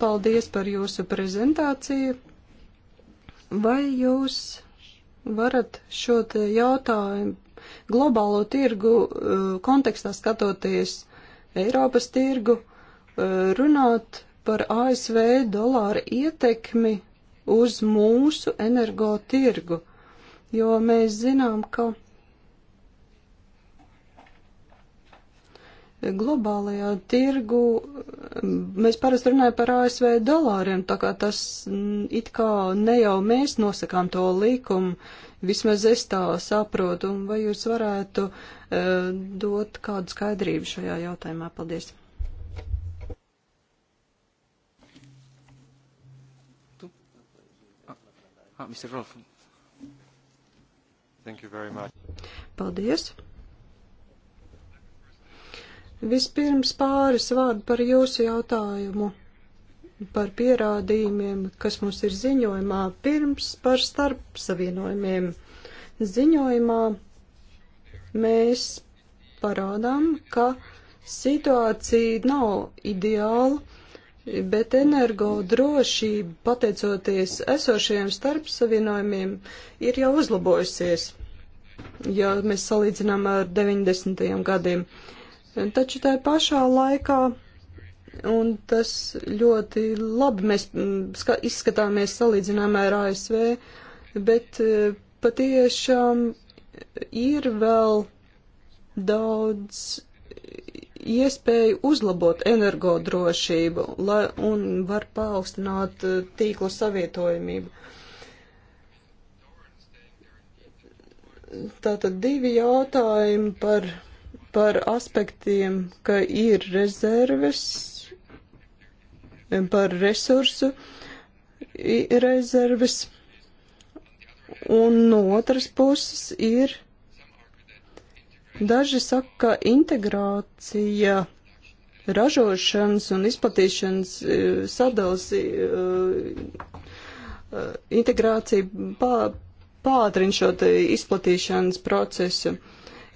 S1: Paldies par jūsu prezentāciju. Vai jūs varat šo jautājumu globālo tirgu eh, kontekstā skatoties Eiropas tirgu, eh, runāt par ASV dolāra ietekmi uz mūsu energotirgu, jo mēs zinām, ka globālajā tirgu mēs parasti runājam par ASV dolāriem, tā kā tas mm, it kā ne jau mēs nosakām to likumu, vismaz es tā saprotu, un vai jūs varētu uh, dot kādu skaidrību šajā jautājumā? Paldies! Ah, ah Mr. Rolf. Thank you very much. Paldies. Vispirms pāris vārdu par jūsu jautājumu par pierādījumiem, kas mums ir ziņojumā, pirms par starp savienojumiem. Ziņojumā mēs parādām, ka situācija nav ideāla, bet energo drošība, pateicoties esošajiem starp savienojumiem, ir jau uzlabojusies, ja mēs salīdzinām ar 90. gadiem. Taču tā pašā laikā, un tas ļoti labi mēs mm, izskatāmies salīdzinājumā ar ASV, bet e, patiešām ir vēl daudz iespēju uzlabot energodrošību lai, un var paaugstināt e, tīklu savietojamību. Tātad divi jautājumi par par aspektiem, ka ir rezerves, par resursu rezerves, un no otras puses ir daži saka, ka integrācija ražošanas un izplatīšanas e, sadalas e, e, integrācija pā, pātrin šo izplatīšanas procesu.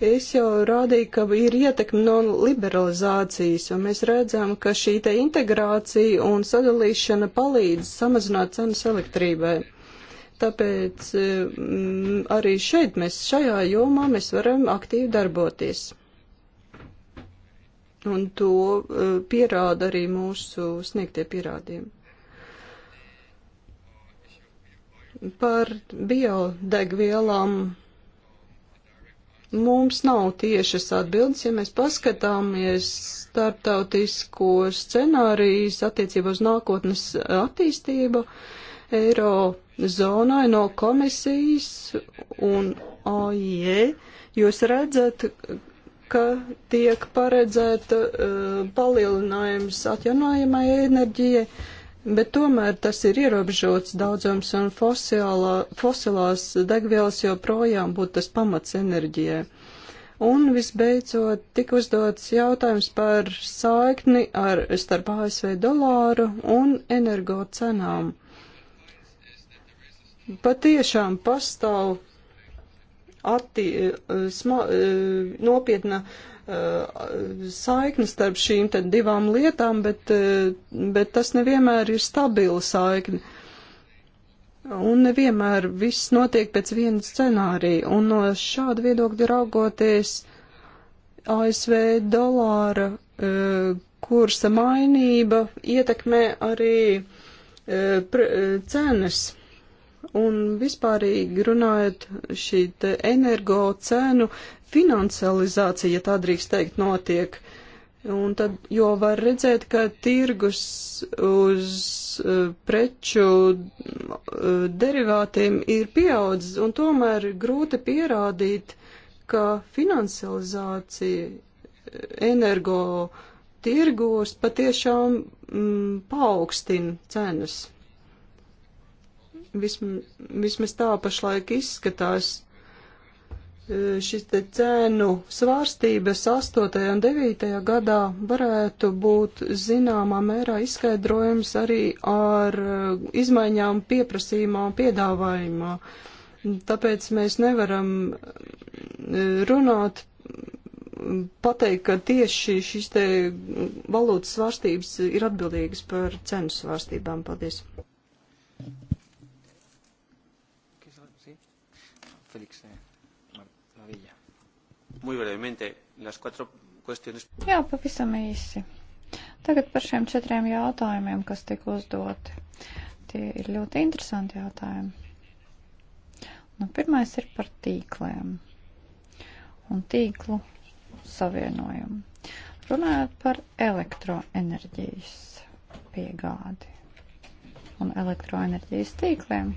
S1: Es jau rādīju, ka ir ietekme no liberalizācijas, un mēs redzam, ka šī te integrācija un sadalīšana palīdz samazināt cenas elektrībai. Tāpēc mm, arī šeit mēs šajā jomā mēs varam aktīvi darboties. Un to e, pierāda arī mūsu sniegtie pierādījumi. Par biodegvielām Mums nav tiešas atbildes, ja mēs paskatāmies starptautisko scenārijas attiecībā uz nākotnes attīstību eiro zonai no komisijas un AIE. Jūs redzat, ka tiek paredzēta uh, palielinājums atjaunojamai enerģijai Bet tomēr tas ir ierobežots daudzums un fosilā, fosilās degvielas joprojām būtu tas pamats enerģijai. Un visbeidzot, tika uzdots jautājums par saikni ar starp ASV dolāru un energo cenām. Patiešām pastāv atti, eh, sma, eh, nopietna uh, Uh, saikni starp šīm divām lietām, bet, uh, bet tas nevienmēr ir stabila saikni. Un nevienmēr viss notiek pēc viena scenārija, un no šāda viedokļa raugoties ASV dolāra uh, kursa mainība ietekmē arī cenas. Un vispārīgi runājot šī energo cenu finansializācija, ja tā drīkst teikt, notiek. Un tad, jo var redzēt, ka tirgus uz eh, preču eh, derivātiem ir pieaudzis, un tomēr grūti pierādīt, ka finansializācija eh, energo tirgos patiešām mm, paaugstina cenas. Vism, vismaz tā pašlaik izskatās, šis te cēnu svārstības 8. un 9. gadā varētu būt zināmā mērā izskaidrojums arī ar uh, izmaiņām pieprasījumā un piedāvājumā. Tāpēc mēs nevaram uh, runāt, pateikt, ka tieši šīs te valūtas svārstības ir atbildīgas par cenu svārstībām. Paldies!
S3: Muy brevemente, las cuatro cuestiones. Jā, pavisam īsi. Tagad par šiem četriem jautājumiem, kas tika uzdoti. Tie ir ļoti interesanti jautājumi. Nu, pirmais ir par tīkliem un tīklu savienojumu. Runājot par elektroenerģijas piegādi un elektroenerģijas tīkliem.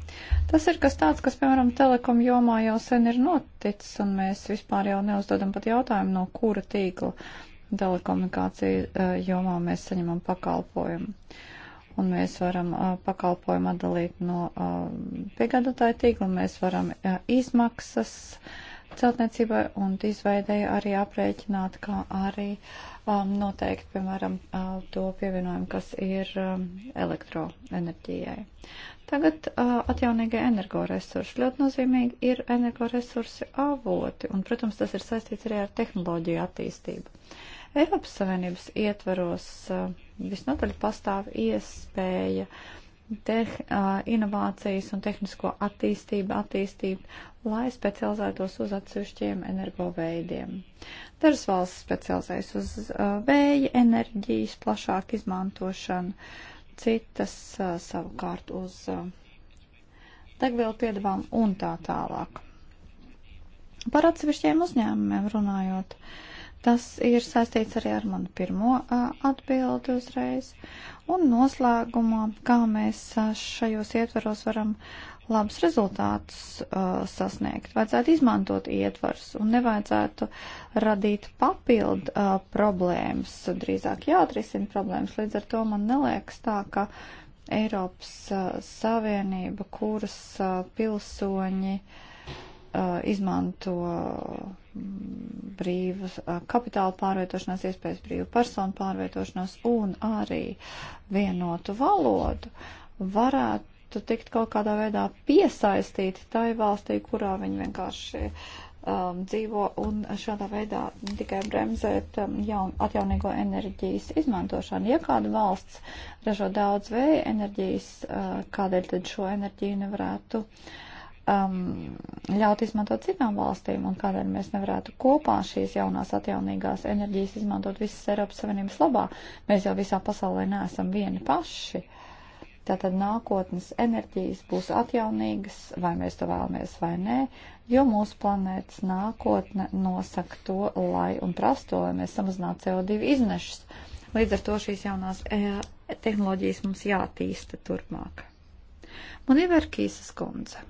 S3: Tas ir kas tāds, kas, piemēram, telekom jomā jau sen ir noticis, un mēs vispār jau neuzdodam pat jautājumu, no kura tīkla telekomunikācija eh, jomā mēs saņemam pakalpojumu. Un mēs varam eh, pakalpojumu atdalīt no eh, piegādātāja tīkla, mēs varam izmaksas celtniecībai un izveidēja arī aprēķināt, kā arī um, noteikt, piemēram, uh, to pievienojumu, kas ir um, elektroenerģijai. Tagad uh, atjaunīgie energoresursi. Ļoti nozīmīgi ir energoresursi avoti, un, protams, tas ir saistīts arī ar tehnoloģiju attīstību. Eiropas Savienības ietveros uh, visnotaļ pastāv iespēja uh, Teh, uh, inovācijas un tehnisko attīstību, attīstību, lai specializētos uz atsevišķiem energoveidiem. Dažas valsts specializējas uz uh, vēja enerģijas plašāku izmantošanu, citas uh, savukārt uz uh, degvielu piedevām un tā tālāk. Par atsevišķiem uzņēmumiem runājot, uh, Tas ir saistīts arī ar manu pirmo atbildi uzreiz. Un noslēgumā, kā mēs šajos ietvaros varam labus rezultātus uh, sasniegt. Vajadzētu izmantot ietvars un nevajadzētu radīt papildu uh, problēmas, drīzāk jāatrisina problēmas. Līdz ar to man neliekas tā, ka Eiropas uh, Savienība, kuras uh, pilsoņi uh, izmanto brīvas kapitāla pārvietošanās, iespējas brīvu personu pārvietošanos un arī vienotu valodu varētu tikt kaut kādā veidā piesaistīti tai valstī, kurā viņi vienkārši um, dzīvo un šādā veidā tikai bremzēt um, jaun, atjaunīgo enerģijas izmantošanu. Ja kāda valsts ražo daudz vēja enerģijas, uh, kādēļ tad šo enerģiju nevarētu uh, um, ļaut izmantot citām valstīm un kādēļ mēs nevarētu kopā šīs jaunās atjaunīgās enerģijas izmantot visas Eiropas Savienības labā. Mēs jau visā pasaulē neesam vieni paši. Tātad nākotnes enerģijas būs atjaunīgas, vai mēs to vēlamies vai nē, jo mūsu planētas nākotne nosaka to, lai un prasto, lai mēs samazinātu CO2 iznešus. Līdz ar to šīs jaunās e tehnoloģijas mums jātīsta turpmāk. Man ir Verkīsas kundze.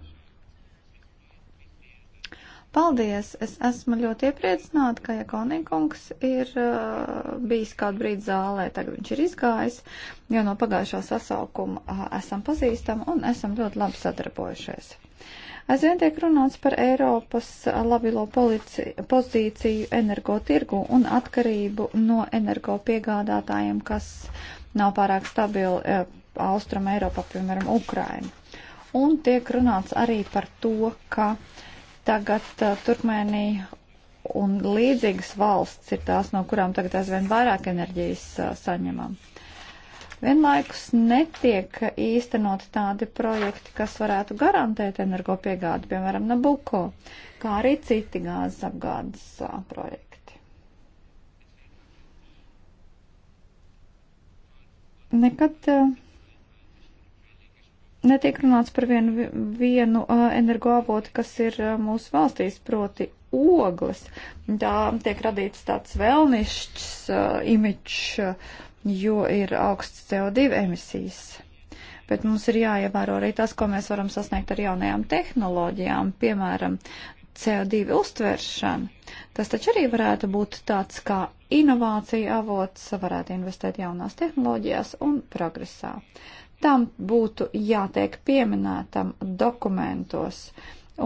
S3: Paldies! Es esmu ļoti iepriecināta, ka Jakonīkungs ir uh, bijis kādu brīdi zālē, tagad viņš ir izgājis, jo no pagājušā sasaukuma uh, esam pazīstami un esam ļoti labi sadarbojušies. Aizvien tiek runāts par Eiropas uh, labilo polici, pozīciju energotirgu un atkarību no energopiegādātājiem, kas nav pārāk stabili uh, Austrum Eiropā, piemēram, Ukraina. Un tiek runāts arī par to, ka uh, Tagad uh, Turkmēnija un līdzīgas valsts ir tās, no kurām tagad aizvien vairāk enerģijas uh, saņemam. Vienlaikus netiek īstenot tādi projekti, kas varētu garantēt energopiegādi, piemēram, Nabuko, kā arī citi gāzes apgādes uh, projekti. Nekad uh, netiek runāts par vienu, vienu uh, energoavotu, kas ir uh, mūsu valstīs, proti ogles. Tā tiek radīts tāds vēlnišķs uh, imidžs, uh, jo ir augsts CO2 emisijas. Bet mums ir jāievēro arī tas, ko mēs varam sasniegt ar jaunajām tehnoloģijām, piemēram, CO2 uztveršana. Tas taču arī varētu būt tāds kā inovācija avots, varētu investēt jaunās tehnoloģijās un progresā. Uh, tam būtu jātiek pieminētam dokumentos.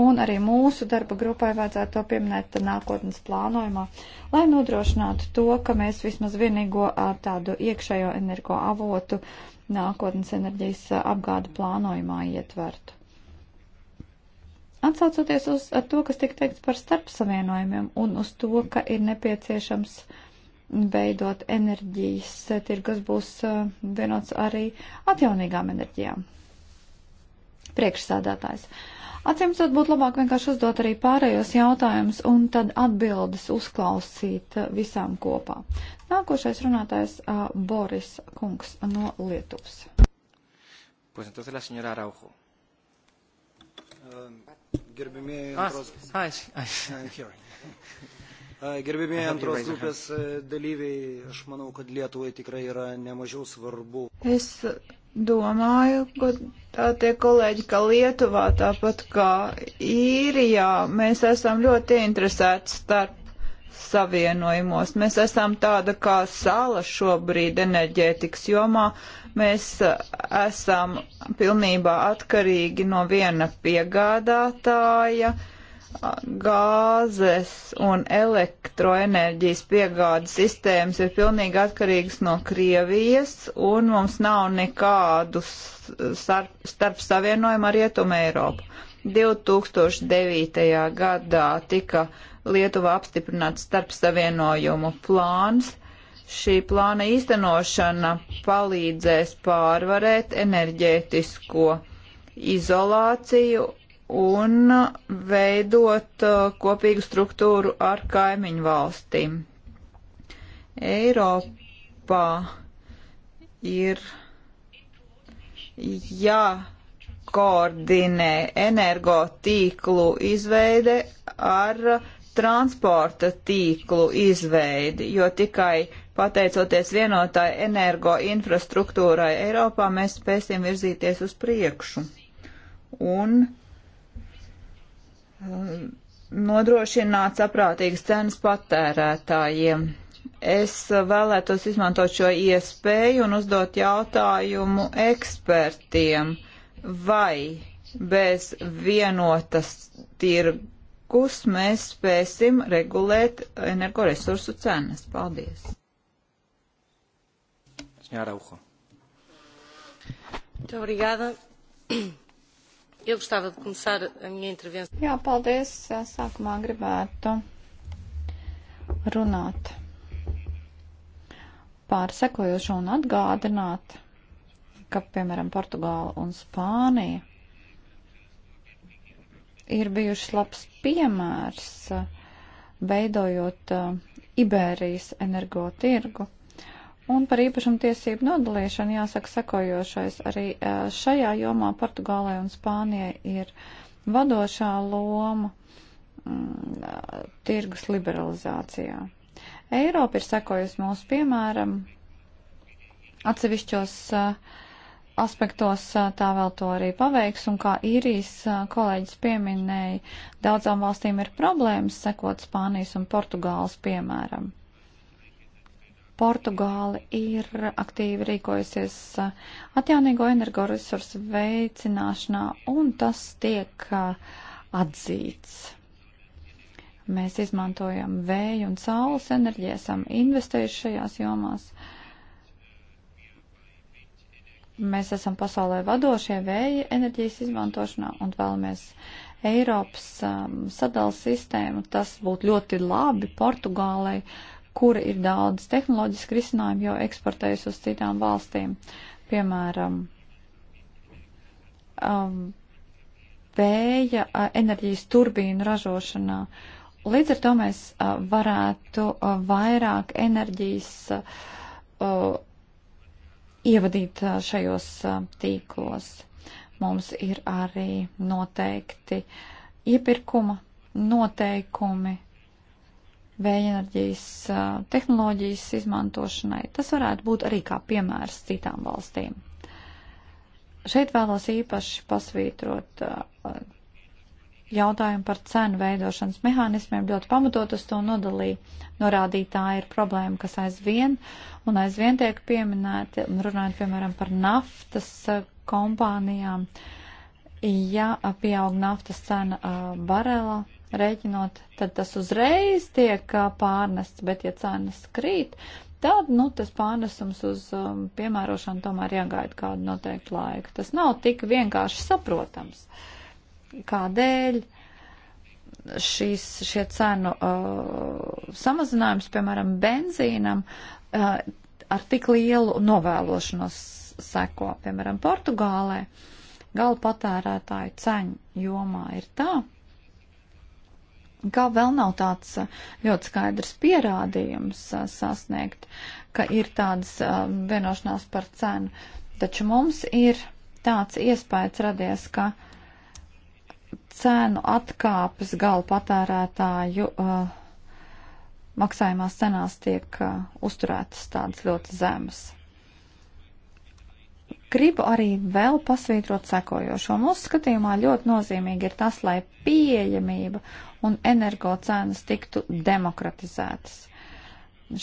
S3: Un arī mūsu darba grupai vajadzētu to pieminēt nākotnes plānojumā, lai nodrošinātu to, ka mēs vismaz vienīgo tādu iekšējo energo avotu nākotnes enerģijas apgāda plānojumā ietvertu. Atsaucoties uz to, kas tika teikts par starpsavienojumiem un uz to, ka ir nepieciešams uh, veidot enerģijas tirgus būs uh, vienots arī atjaunīgām enerģijām. Priekšsādātājs. Acīm redzot, būtu labāk vienkārši uzdot arī pārējos jautājumus un tad atbildes uzklausīt uh, visām kopā. Nākošais runātājs uh, Boris Kungs no Lietuvas. Pues entonces la señora Araujo.
S1: Um, Gerbimie. Ah,
S3: ah, ah, ah.
S1: Gerbėmėjai antros grupės dalyviai, aš manau, kad Lietuvai tikrai yra nemažiau svarbu. Es
S2: domāju, ka tie kolēģi, ka Lietuvā tāpat kā īrijā mēs esam ļoti interesēti starp savienojumos. Mēs esam tāda kā sala šobrīd enerģētikas jomā. Mēs esam pilnībā atkarīgi no viena piegādātāja. Uh, gāzes un elektroenerģijas piegādes sistēmas ir pilnīgi atkarīgas no Krievijas, un mums nav nekādu starp savienojumu ar Rietumu Eiropu. 2009. gadā tika Lietuva apstiprināts starp savienojumu plāns. Šī plāna īstenošana palīdzēs pārvarēt enerģētisko izolāciju un veidot uh, kopīgu struktūru ar kaimiņu valstīm. Eiropā ir jākoordinē energotīklu izveide ar transporta tīklu izveidi, jo tikai pateicoties vienotai energo infrastruktūrai Eiropā mēs spēsim virzīties uz priekšu. Un Um, nodrošināt saprātīgas cenas patērētājiem. Es vēlētos izmantot šo iespēju un uzdot jautājumu ekspertiem, vai bez vienotas tirgus mēs spēsim regulēt energoresursu
S3: cenas. Paldies!
S1: Senhora Araujo. Muito obrigada. Eu gostava de começar a minha intervenção.
S3: Jā, paldies. Sākumā gribētu runāt par sekojošo un atgādināt, ka, piemēram, Portugāla un Spānija ir bijušas labs piemērs veidojot uh, Ibērijas energotirgu Un par īpašumu tiesību nodalīšanu jāsaka sekojošais. Arī šajā jomā Portugālē un Spānijai ir vadošā loma mm, tirgus liberalizācijā. Eiropa ir sekojusi mūsu piemēram. Atsevišķos aspektos tā vēl to arī paveiks, un kā īrijas kolēģis pieminēja, daudzām valstīm ir problēmas sekot Spānijas un Portugāles piemēram. Portugāli ir aktīvi rīkojusies uh, atjaunīgo energoresursu veicināšanā, un tas tiek uh, atzīts. Mēs izmantojam vēju un saules enerģiju, esam investējuši šajās jomās. Mēs esam pasaulē vadošie vēja enerģijas izmantošanā un vēlamies Eiropas um, sadala sistēmu. Tas būtu ļoti labi Portugālei, uh, kura ir daudz tehnoloģiski risinājumi jau eksportējusi uz citām valstīm. Piemēram, um, vēja uh, enerģijas turbīnu ražošanā. Līdz ar to mēs uh, varētu uh, vairāk enerģijas uh, uh ievadīt uh, šajos uh, tīklos. Mums ir arī noteikti iepirkuma noteikumi vēja enerģijas tehnoloģijas izmantošanai. Tas varētu būt arī kā piemērs citām valstīm. Šeit vēlos īpaši pasvītrot jautājumu par cenu veidošanas mehānismiem. Ļoti pamatot uz to nodalīju. Norādītā ir problēma, kas aizvien un aizvien tiek pieminēta, runājot piemēram par naftas kompānijām. Ja pieaug naftas cena barelā, rēķinot, tad tas uzreiz tiek pārnests, bet ja cenas krīt, tad, nu, tas pārnesums uz um, piemērošanu tomēr jāgaida kādu noteiktu laiku. Tas nav tik vienkārši saprotams, kādēļ šīs, šie cenu uh, samazinājums, piemēram, benzīnam, uh, ar tik lielu novēlošanos seko, piemēram, Portugālē. Gala patērētāju ceņu jomā ir tā, kā vēl nav tāds uh, ļoti skaidrs pierādījums uh, sasniegt, ka ir tādas um, vienošanās par cenu. Taču mums ir tāds iespējas radies, ka cēnu atkāpes gala patērētāju uh, maksājumās cenās tiek uh, uzturētas tādas ļoti zemes. Gribu arī vēl pasvītrot sekojošo. Mūsu skatījumā ļoti nozīmīgi ir tas, lai pieejamība un energo cenas tiktu demokratizētas.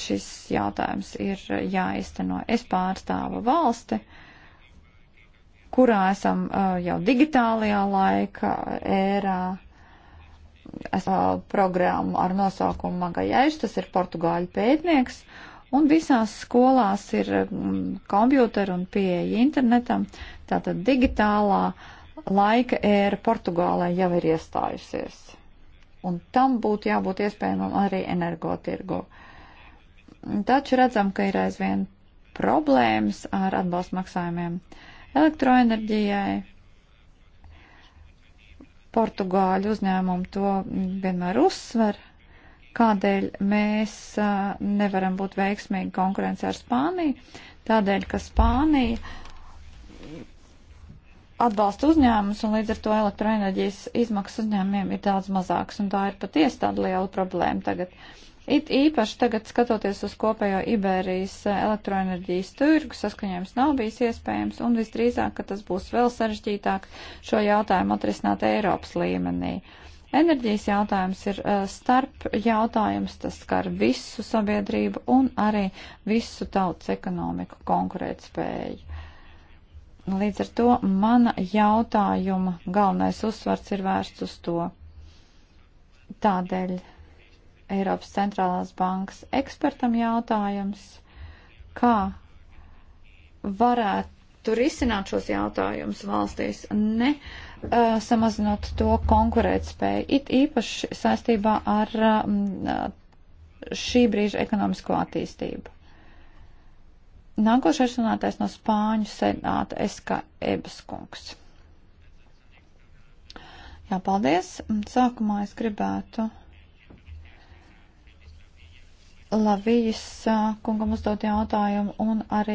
S3: Šis jautājums ir jāizteno. Es pārstāvu valsti, kurā esam uh, jau digitālajā laika ērā. Es uh, programmu ar nosaukumu Magajaiš, tas ir portugāļu pētnieks, uh, Un visās skolās ir mm, kompjūteri un pieeja internetam, tātad digitālā laika ēra Portugālē jau ir iestājusies. Un tam būtu jābūt iespējamam arī energotirgu. Taču redzam, ka ir aizvien problēmas ar atbalstu maksājumiem elektroenerģijai. Portugāļu uzņēmumu to vienmēr uzsver kādēļ mēs nevaram būt veiksmīgi konkurence ar Spāniju. Tādēļ, ka Spānija atbalsta uzņēmumus un līdz ar to elektroenerģijas izmaksas uzņēmumiem ir daudz mazākas, un tā ir patiesi tāda liela problēma tagad. It īpaši tagad skatoties uz kopējo Iberijas elektroenerģijas tirgu, saskaņojums nav bijis iespējams, un visdrīzāk, ka tas būs vēl sarežģītāk šo jautājumu atrisināt Eiropas līmenī. Uh, Enerģijas jautājums ir eh, starp jautājums, tas skar visu sabiedrību un arī visu tautas ekonomiku konkurētspēju. Līdz ar to mana jautājuma galvenais uzsvars ir vērsts uz to. Tādēļ Eiropas centrālās bankas ekspertam jautājums, kā varētu risināt šos jautājumus valstīs, ne uh, uh, samazinot to konkurētspēju, it īpaši saistībā ar um, uh, šī brīža ekonomisko attīstību. Nākošais runātais no Spāņu senāta Eska Ebeskungs. Jā, paldies. Sākumā es gribētu Lavijas kungam uzdot jautājumu un arī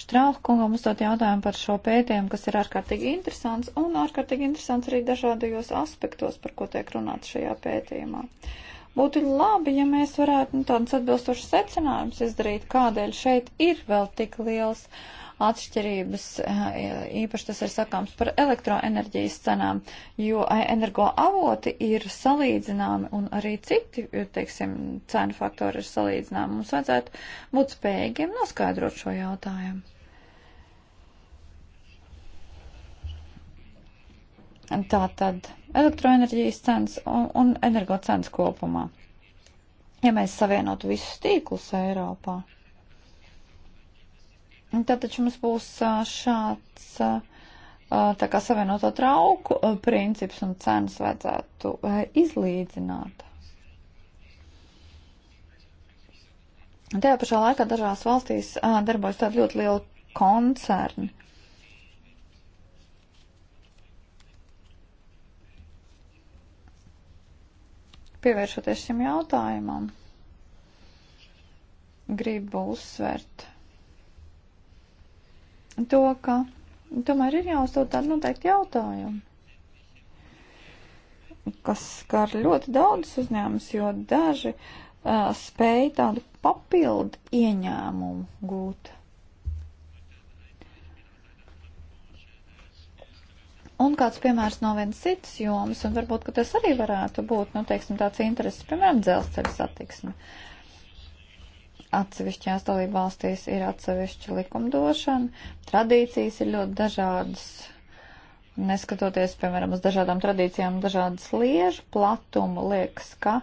S3: Štrauha kungam uzdot jautājumu par šo pētījumu, kas ir ārkārtīgi interesants un ārkārtīgi interesants arī dažādajos aspektos, par ko tiek runāts šajā pētījumā. Būtu labi, ja mēs varētu nu, tādus atbilstošus secinājumus izdarīt, kādēļ šeit ir vēl tik liels uh, atšķirības, eh, īpaši tas ir sakāms par elektroenerģijas cenām, jo eh, energoavoti ir salīdzināmi un arī citi, eh, teiksim, cenu faktori ir salīdzināmi. Mums vajadzētu būt spējīgiem noskaidrot šo jautājumu. Tātad elektroenerģijas cenas un, un energo cenas kopumā. Ja mēs savienotu visus tīklus Eiropā, Tad taču mums būs šāds tā kā savienoto trauku princips un cenas vajadzētu izlīdzināt. Tajā pašā laikā dažās valstīs darbojas tāda ļoti liela koncerna. Pievēršoties šim jautājumam, gribu uzsvērt to, ka tomēr ir jāuzdod tādu noteikti jautājumu, kas skar ļoti daudz uzņēmums, jo daži uh, spēj tādu papildu ieņēmumu gūt. Un kāds piemērs no vienas citas jomas, un varbūt, ka tas arī varētu būt, nu, teiksim, tāds intereses, piemēram, dzelzceļa satiksme. Uh, Atsevišķās dalība valstīs ir atsevišķa likumdošana, tradīcijas ir ļoti dažādas. Neskatoties, piemēram, uz dažādām tradīcijām, dažādas liežu platumu, liekas, ka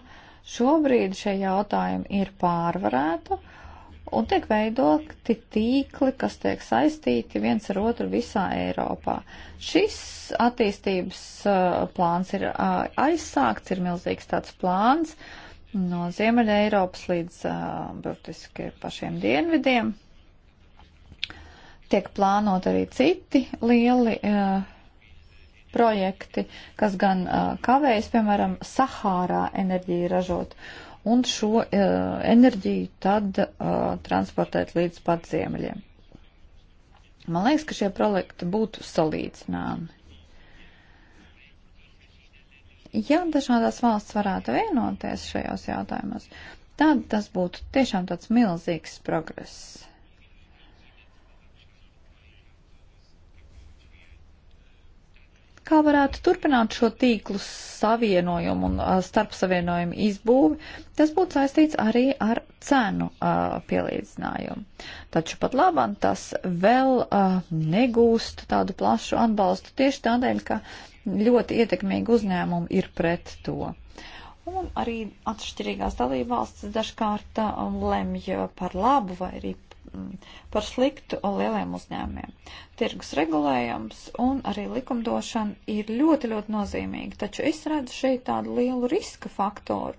S3: šobrīd šie jautājumi ir pārvarēti un tiek veidoti tīkli, kas tiek saistīti viens ar otru visā Eiropā. Šis attīstības uh, plāns ir uh, aizsākts, ir milzīgs tāds plāns. Uh, no Ziemeļa Eiropas līdz uh, burtiski pašiem dienvidiem. Tiek plānot arī citi lieli uh, projekti, kas gan uh, kavējas, piemēram, Sahārā enerģiju ražot, un šo uh, enerģiju tad uh, transportēt līdz pat ziemeļiem. Man liekas, ka šie projekti būtu salīdzināmi ja dažādās valsts varētu vienoties šajos jautājumos, tad tas būtu tiešām tāds milzīgs progress. Kā varētu turpināt šo tīklu savienojumu un uh, starpsavienojumu izbūvi, tas būtu saistīts arī ar cenu uh, pielīdzinājumu. Taču pat labam tas vēl uh, negūst tādu plašu atbalstu tieši tādēļ, ka uh, ļoti ietekmīgi uzņēmumi ir pret to. Un arī atšķirīgās dalībvalstis dažkārt um, lemj par labu vai arī mm, par sliktu um, lieliem uzņēmiem. Tirgus regulējums un arī likumdošana ir ļoti, ļoti nozīmīgi, taču es redzu šeit tādu lielu riska faktoru.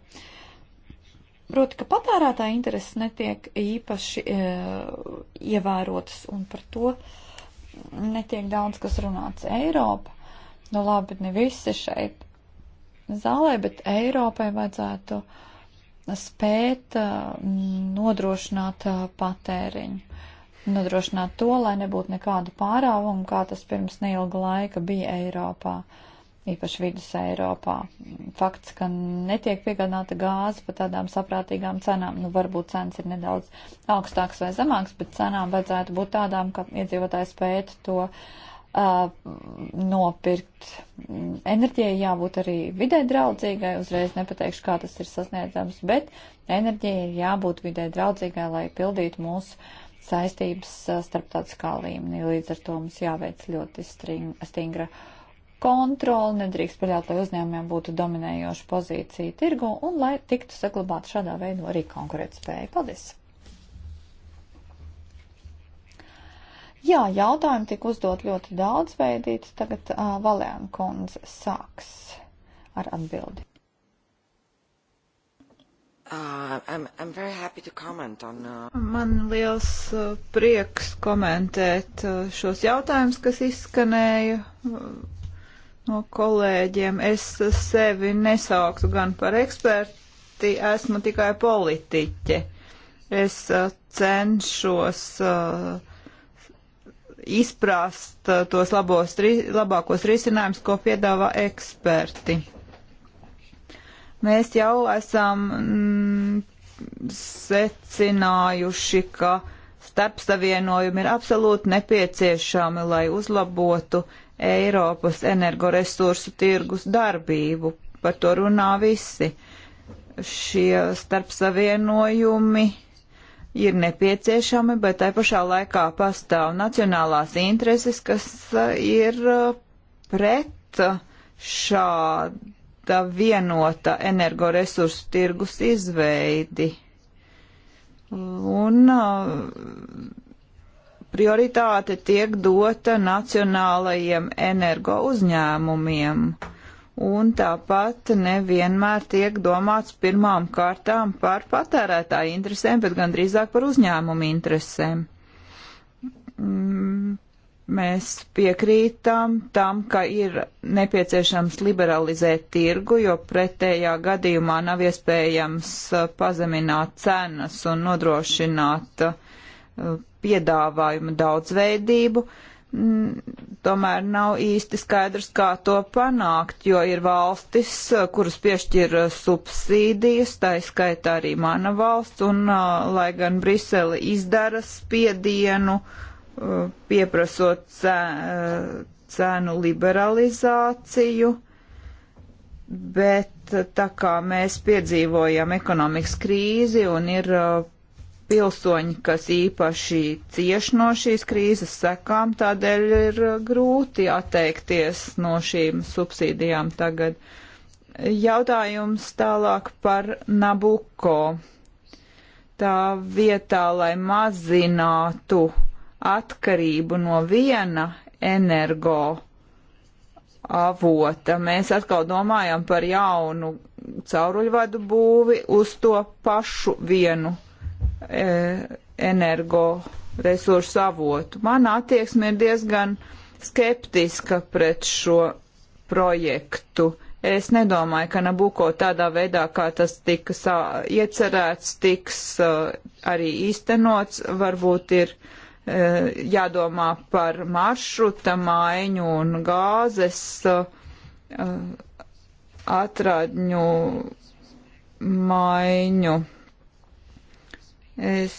S3: Proti, ka patērētāja intereses netiek īpaši e, ievērotas un par to netiek daudz kas runāts Eiropa nu labi, ne visi šeit zālē, bet Eiropai vajadzētu spēt uh, nodrošināt uh, patēriņu. Nodrošināt to, lai nebūtu nekādu pārāvumu, kā tas pirms neilga laika bija Eiropā, īpaši vidus Eiropā. Fakts, ka netiek piegādāta gāze par tādām saprātīgām cenām, nu varbūt cenas ir nedaudz augstāks vai zemāks, bet cenām vajadzētu būt tādām, ka iedzīvotājs spētu to uh, Uh, nopirkt enerģijai jābūt arī vidē draudzīgai, uzreiz nepateikšu, kā tas ir sasniedzams, bet enerģija ir jābūt vidē draudzīgai, lai pildītu mūsu saistības uh, starptautiskā līmenī. Līdz ar to mums jāveic ļoti stingra kontroli, nedrīkst paļaut, lai uzņēmumiem būtu dominējoša pozīcija tirgu un lai tiktu saglabāt šādā veidā arī konkurētspēja. Paldies! Jā, jautājumi tika uzdot ļoti daudzveidīgi. Tagad uh, Valēna kundze sāks ar atbildi. Uh, I'm, I'm on, uh...
S2: Man liels uh, prieks komentēt šos jautājumus, kas izskanēja no kolēģiem. Es sevi nesauktu gan par eksperti, esmu tikai politiķe. Es cenšos uh, izprast uh, tos labos, labākos risinājumus, ko piedāvā eksperti. Mēs jau esam mm, secinājuši, ka starpsavienojumi ir absolūti nepieciešami, lai uzlabotu Eiropas energoresursu tirgus darbību. Par to runā visi. Šie starpsavienojumi ir nepieciešami, bet tai pašā laikā pastāv nacionālās intereses, kas uh, ir uh, pret uh, šāda vienota energoresursu tirgus izveidi. Un prioritāte tiek dota nacionālajiem energo uzņēmumiem. Uh, un tāpat nevienmēr tiek domāts pirmām kārtām par patērētāju interesēm, bet gan drīzāk par uzņēmumu interesēm. Mm, mēs piekrītam tam, ka ir nepieciešams liberalizēt tirgu, jo pretējā gadījumā nav iespējams uh, pazemināt cenas un nodrošināt uh, piedāvājumu daudzveidību. Uh, Mm, tomēr nav īsti skaidrs, kā to panākt, jo ir valstis, eh, kuras piešķir eh, subsīdijas, tā skaitā arī mana valsts, un eh, lai gan Brisele izdara spiedienu, pieprasot cēnu liberalizāciju, bet tā kā mēs piedzīvojam ekonomikas krīzi un ir pilsoņi, kas īpaši cieš no šīs krīzes sekām, tādēļ ir grūti atteikties no šīm subsīdijām tagad. Jautājums tālāk par Nabuko. Tā vietā, lai mazinātu atkarību no viena energo avota, mēs atkal domājam par jaunu cauruļvadu būvi uz to pašu vienu E, energo resursu avotu. Mana attieksme ir diezgan skeptiska pret šo projektu. Es nedomāju, ka Nabuko tādā veidā, kā tas tika iecerēts, tiks e, arī īstenots. Varbūt ir e, jādomā par maršruta maiņu un gāzes atradņu maiņu. Es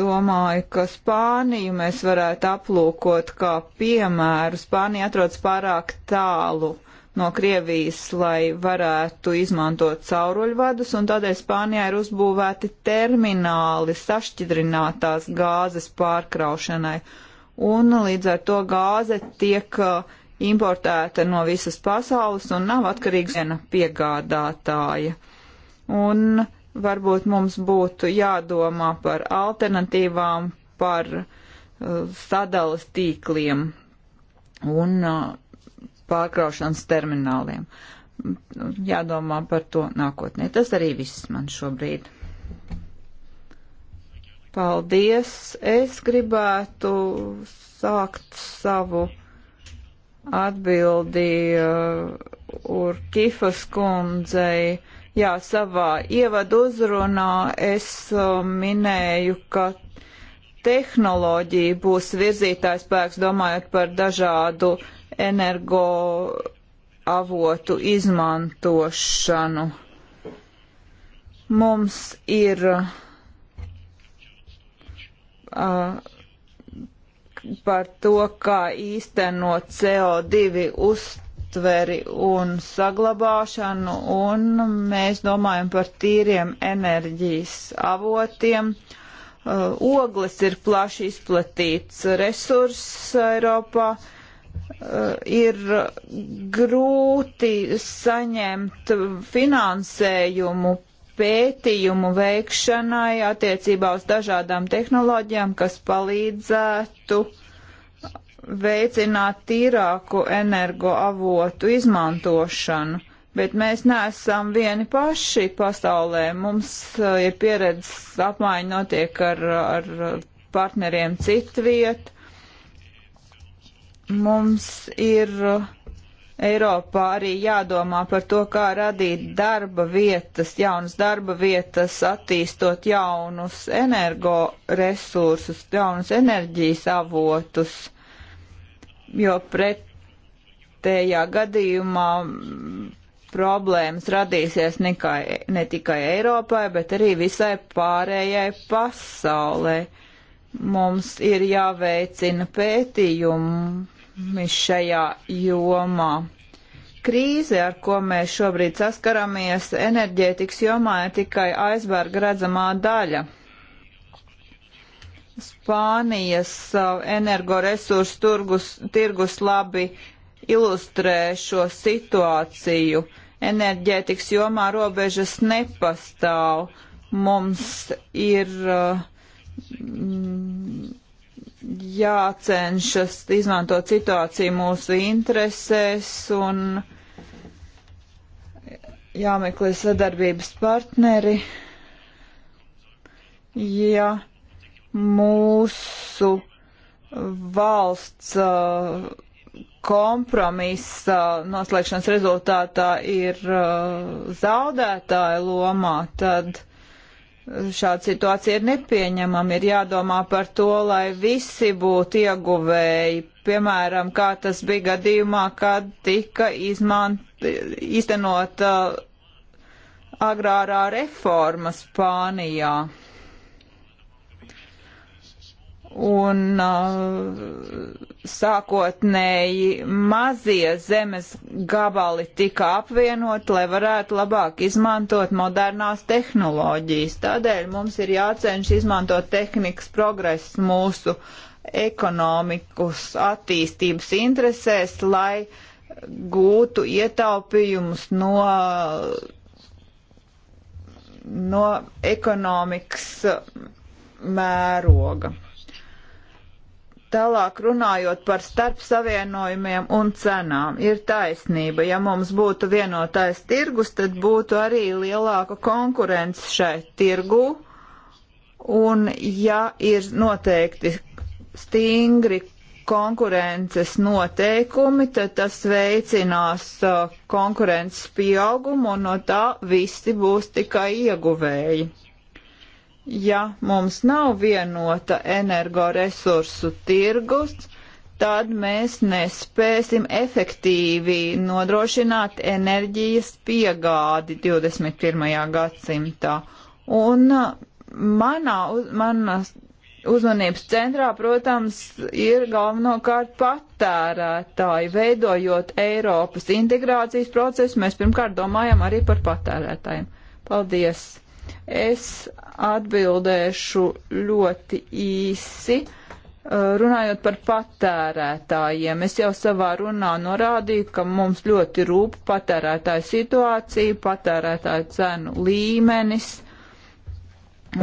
S2: domāju, ka Spāniju mēs varētu aplūkot kā piemēru. Spānija atrodas pārāk tālu no Krievijas, lai varētu izmantot cauruļvadus, un tādēļ Spānijā ir uzbūvēti termināli sašķidrinātās gāzes pārkraušanai. Un līdz ar to gāze tiek uh, importēta no visas pasaules un nav atkarīgs viena piegādātāja. Un varbūt mums būtu jādomā par alternatīvām, par uh, sadalas tīkliem un uh, pārkraušanas termināliem. Jādomā par to nākotnē. Tas arī viss man šobrīd. Paldies! Es gribētu sākt savu atbildi uh, Urkifas kundzei. Uh, Jā, savā ievadu uzrunā es um, minēju, ka tehnoloģija būs virzītājs spēks, domājot par dažādu energo avotu izmantošanu. Mums ir uh, par to, kā īstenot CO2 uzstāšanos aptveri un saglabāšanu, un mēs domājam par tīriem enerģijas avotiem. Uh, ogles ir plaši izplatīts resurss Eiropā. Uh, ir grūti saņemt finansējumu pētījumu veikšanai attiecībā uz dažādām tehnoloģijām, kas palīdzētu uh, veicināt tīrāku energoavotu izmantošanu, bet mēs neesam vieni paši pasaulē. Mums uh, ir pieredzes apmaiņa notiek ar, ar partneriem citviet. Mums ir uh, Eiropā arī jādomā par to, kā radīt darba vietas, jaunas darba vietas, attīstot jaunus energoresursus, jaunus enerģijas avotus jo pretējā gadījumā problēmas radīsies nekai, ne tikai Eiropai, bet arī visai pārējai pasaulē. Mums ir jāveicina pētījumi šajā jomā. Krīze, ar ko mēs šobrīd saskaramies enerģētikas jomā, ir tikai aizbērga redzamā daļa Spānijas uh, energoresursu turgus, tirgus labi ilustrē šo situāciju. Enerģētikas jomā robežas nepastāv. Mums ir uh, jācenšas izmantot situāciju mūsu interesēs un jāmeklē sadarbības partneri. Jā. Ja mūsu valsts uh, kompromisa noslēgšanas rezultātā ir uh, zaudētāja lomā, tad šāda situācija ir nepieņemama. Ir jādomā par to, lai visi būtu ieguvēji. Piemēram, kā tas bija gadījumā, kad tika izmant, iztenota uh, agrārā reforma Spānijā un uh, sākotnēji mazie zemes gabali tika apvienot, lai varētu labāk izmantot modernās tehnoloģijas. Tādēļ mums ir jācenš izmantot tehnikas progresu mūsu ekonomikas attīstības interesēs, lai gūtu ietaupījumus no no ekonomikas mēroga. Tālāk runājot par starp savienojumiem un cenām, ir taisnība. Ja mums būtu vienotais tirgus, tad būtu arī lielāka konkurence šai tirgu. Un ja ir noteikti stingri konkurences noteikumi, tad tas veicinās uh, konkurences pieaugumu un no tā visi būs tikai ieguvēji ja mums nav vienota energoresursu tirgus, tad mēs nespēsim efektīvi nodrošināt enerģijas piegādi 21. gadsimtā. Un uh, manā, manas uzmanības centrā, protams, ir galvenokārt patērētāji. Veidojot Eiropas integrācijas procesu, mēs pirmkārt domājam arī par patērētājiem. Paldies! Es atbildēšu ļoti īsi. Uh, runājot par patērētājiem, es jau savā runā norādīju, ka mums ļoti rūp patērētāja situācija, patērētāja cenu līmenis.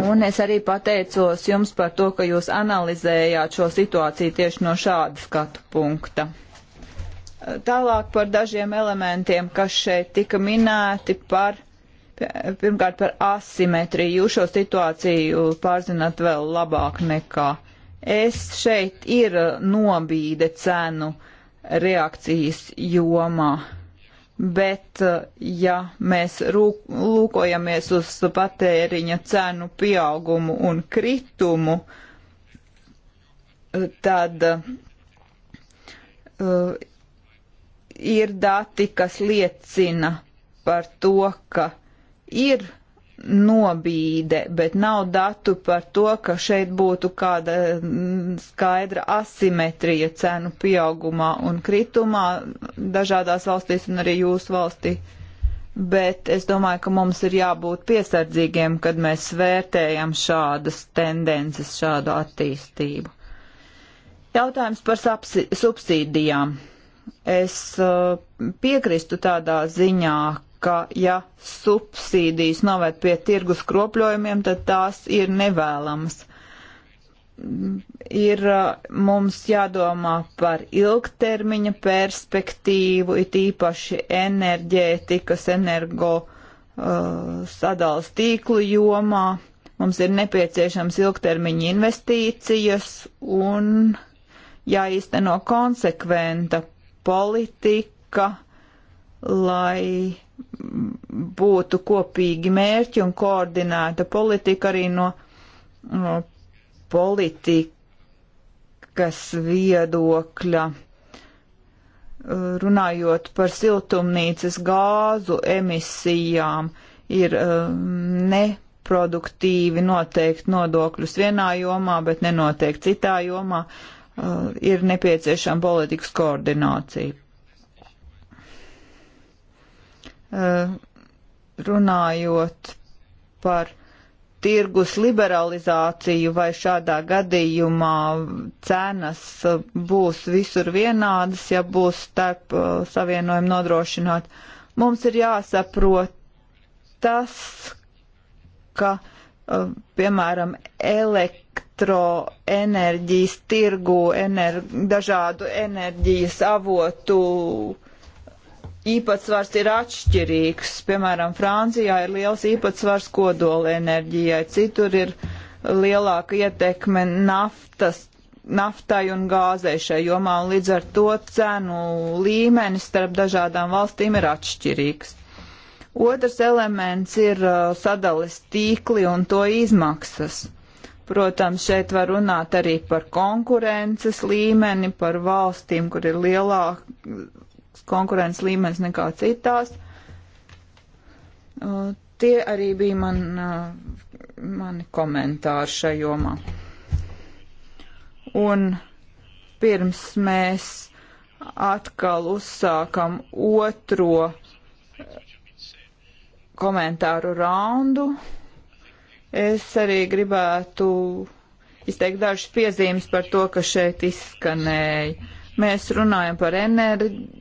S2: Un es arī pateicos jums par to, ka jūs analizējāt šo situāciju tieši no šāda skatu punkta. Tālāk par dažiem elementiem, kas šeit tika minēti par Pirmkārt par asimetriju. Jūs šo situāciju pārzināt vēl labāk nekā es. Šeit ir nobīde cenu reakcijas jomā. Bet, ja mēs rūk, lūkojamies uz patēriņa cenu pieaugumu un kritumu, tad uh, ir dati, kas liecina par to, ka ir nobīde, bet nav datu par to, ka šeit būtu kāda mm, skaidra asimetrija cenu pieaugumā un kritumā dažādās valstīs un arī jūsu valstī. Bet es domāju, ka mums ir jābūt piesardzīgiem, kad mēs vērtējam šādas tendences, šādu attīstību. Jautājums par subsīdijām. Es uh, piekrīstu tādā ziņā, ka ja subsīdijas noved pie tirgus kropļojumiem, tad tās ir nevēlamas. Ir uh, mums jādomā par ilgtermiņa perspektīvu, it īpaši enerģētikas, energo uh, sadalas tīklu jomā. Mums ir nepieciešams ilgtermiņa investīcijas un jāīsteno konsekventa politika, lai būtu kopīgi mērķi un koordinēta politika arī no, no politikas viedokļa. Runājot par siltumnīcas gāzu emisijām, ir um, neproduktīvi noteikt nodokļus vienā jomā, bet nenoteikt citā jomā. Uh, ir nepieciešama politikas koordinācija Eh, runājot par tirgus liberalizāciju, vai šādā gadījumā cenas eh, būs visur vienādas, ja būs starp eh, savienojumu nodrošināt. Mums ir jāsaprot tas, ka, piemēram, elektroenerģijas tirgu, ener dažādu enerģijas avotu uh, īpatsvars ir atšķirīgs. Piemēram, Francijā ir liels īpatsvars kodolenerģijai, citur ir lielāka ietekme naftas, naftai un gāzei šai jomā, un līdz ar to cenu līmenis starp dažādām valstīm ir atšķirīgs. Otrs elements ir uh, sadales tīkli un to izmaksas. Protams, šeit var runāt arī par konkurences līmeni, par valstīm, kur ir lielāka konkurences līmenis nekā citās. Uh, tie arī bija man, uh, mani komentāri šajā jomā. Un pirms mēs atkal uzsākam otro komentāru raundu, es arī gribētu izteikt dažas piezīmes par to, kas šeit izskanēja. Mēs runājam par enerģiju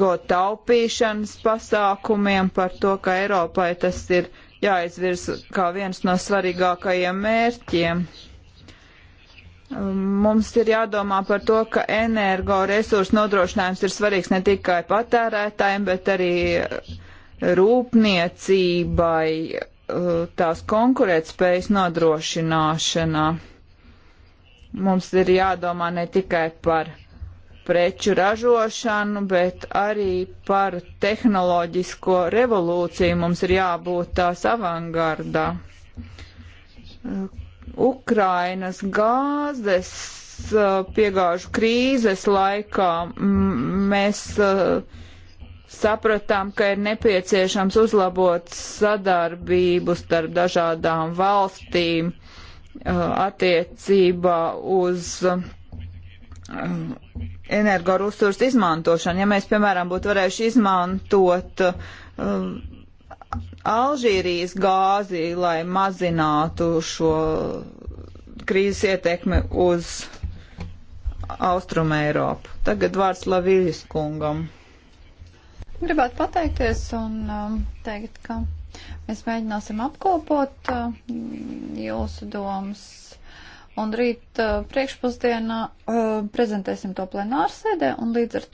S2: go taupīšanas pasākumiem, par to, ka Eiropai tas ir jāizvirs kā viens no svarīgākajiem mērķiem. Mums ir jādomā par to, ka energoresursu nodrošinājums ir svarīgs ne tikai patērētājiem, bet arī eh, rūpniecībai, eh, tās konkurētspējas nodrošināšanā. Mums ir jādomā ne tikai par preču ražošanu, bet arī par tehnoloģisko revolūciju mums ir jābūt tās avangardā. Ukrainas gāzes uh, piegāžu krīzes laikā mēs uh, sapratām, ka ir nepieciešams uzlabot sadarbību starp dažādām valstīm uh, attiecībā uz energoresursu izmantošanu. Ja mēs, piemēram, būtu varējuši izmantot um, Alžīrijas gāzi, lai mazinātu šo krīzes ietekmi uz Austrum Eiropu. Tagad vārds Lavīļas kungam.
S3: Gribētu pateikties un um, teikt, ka mēs mēģināsim apkopot uh, jūsu domas Un rīt uh, priekšpusdienā uh, prezentēsim to plenārsēdē, un līdz ar to.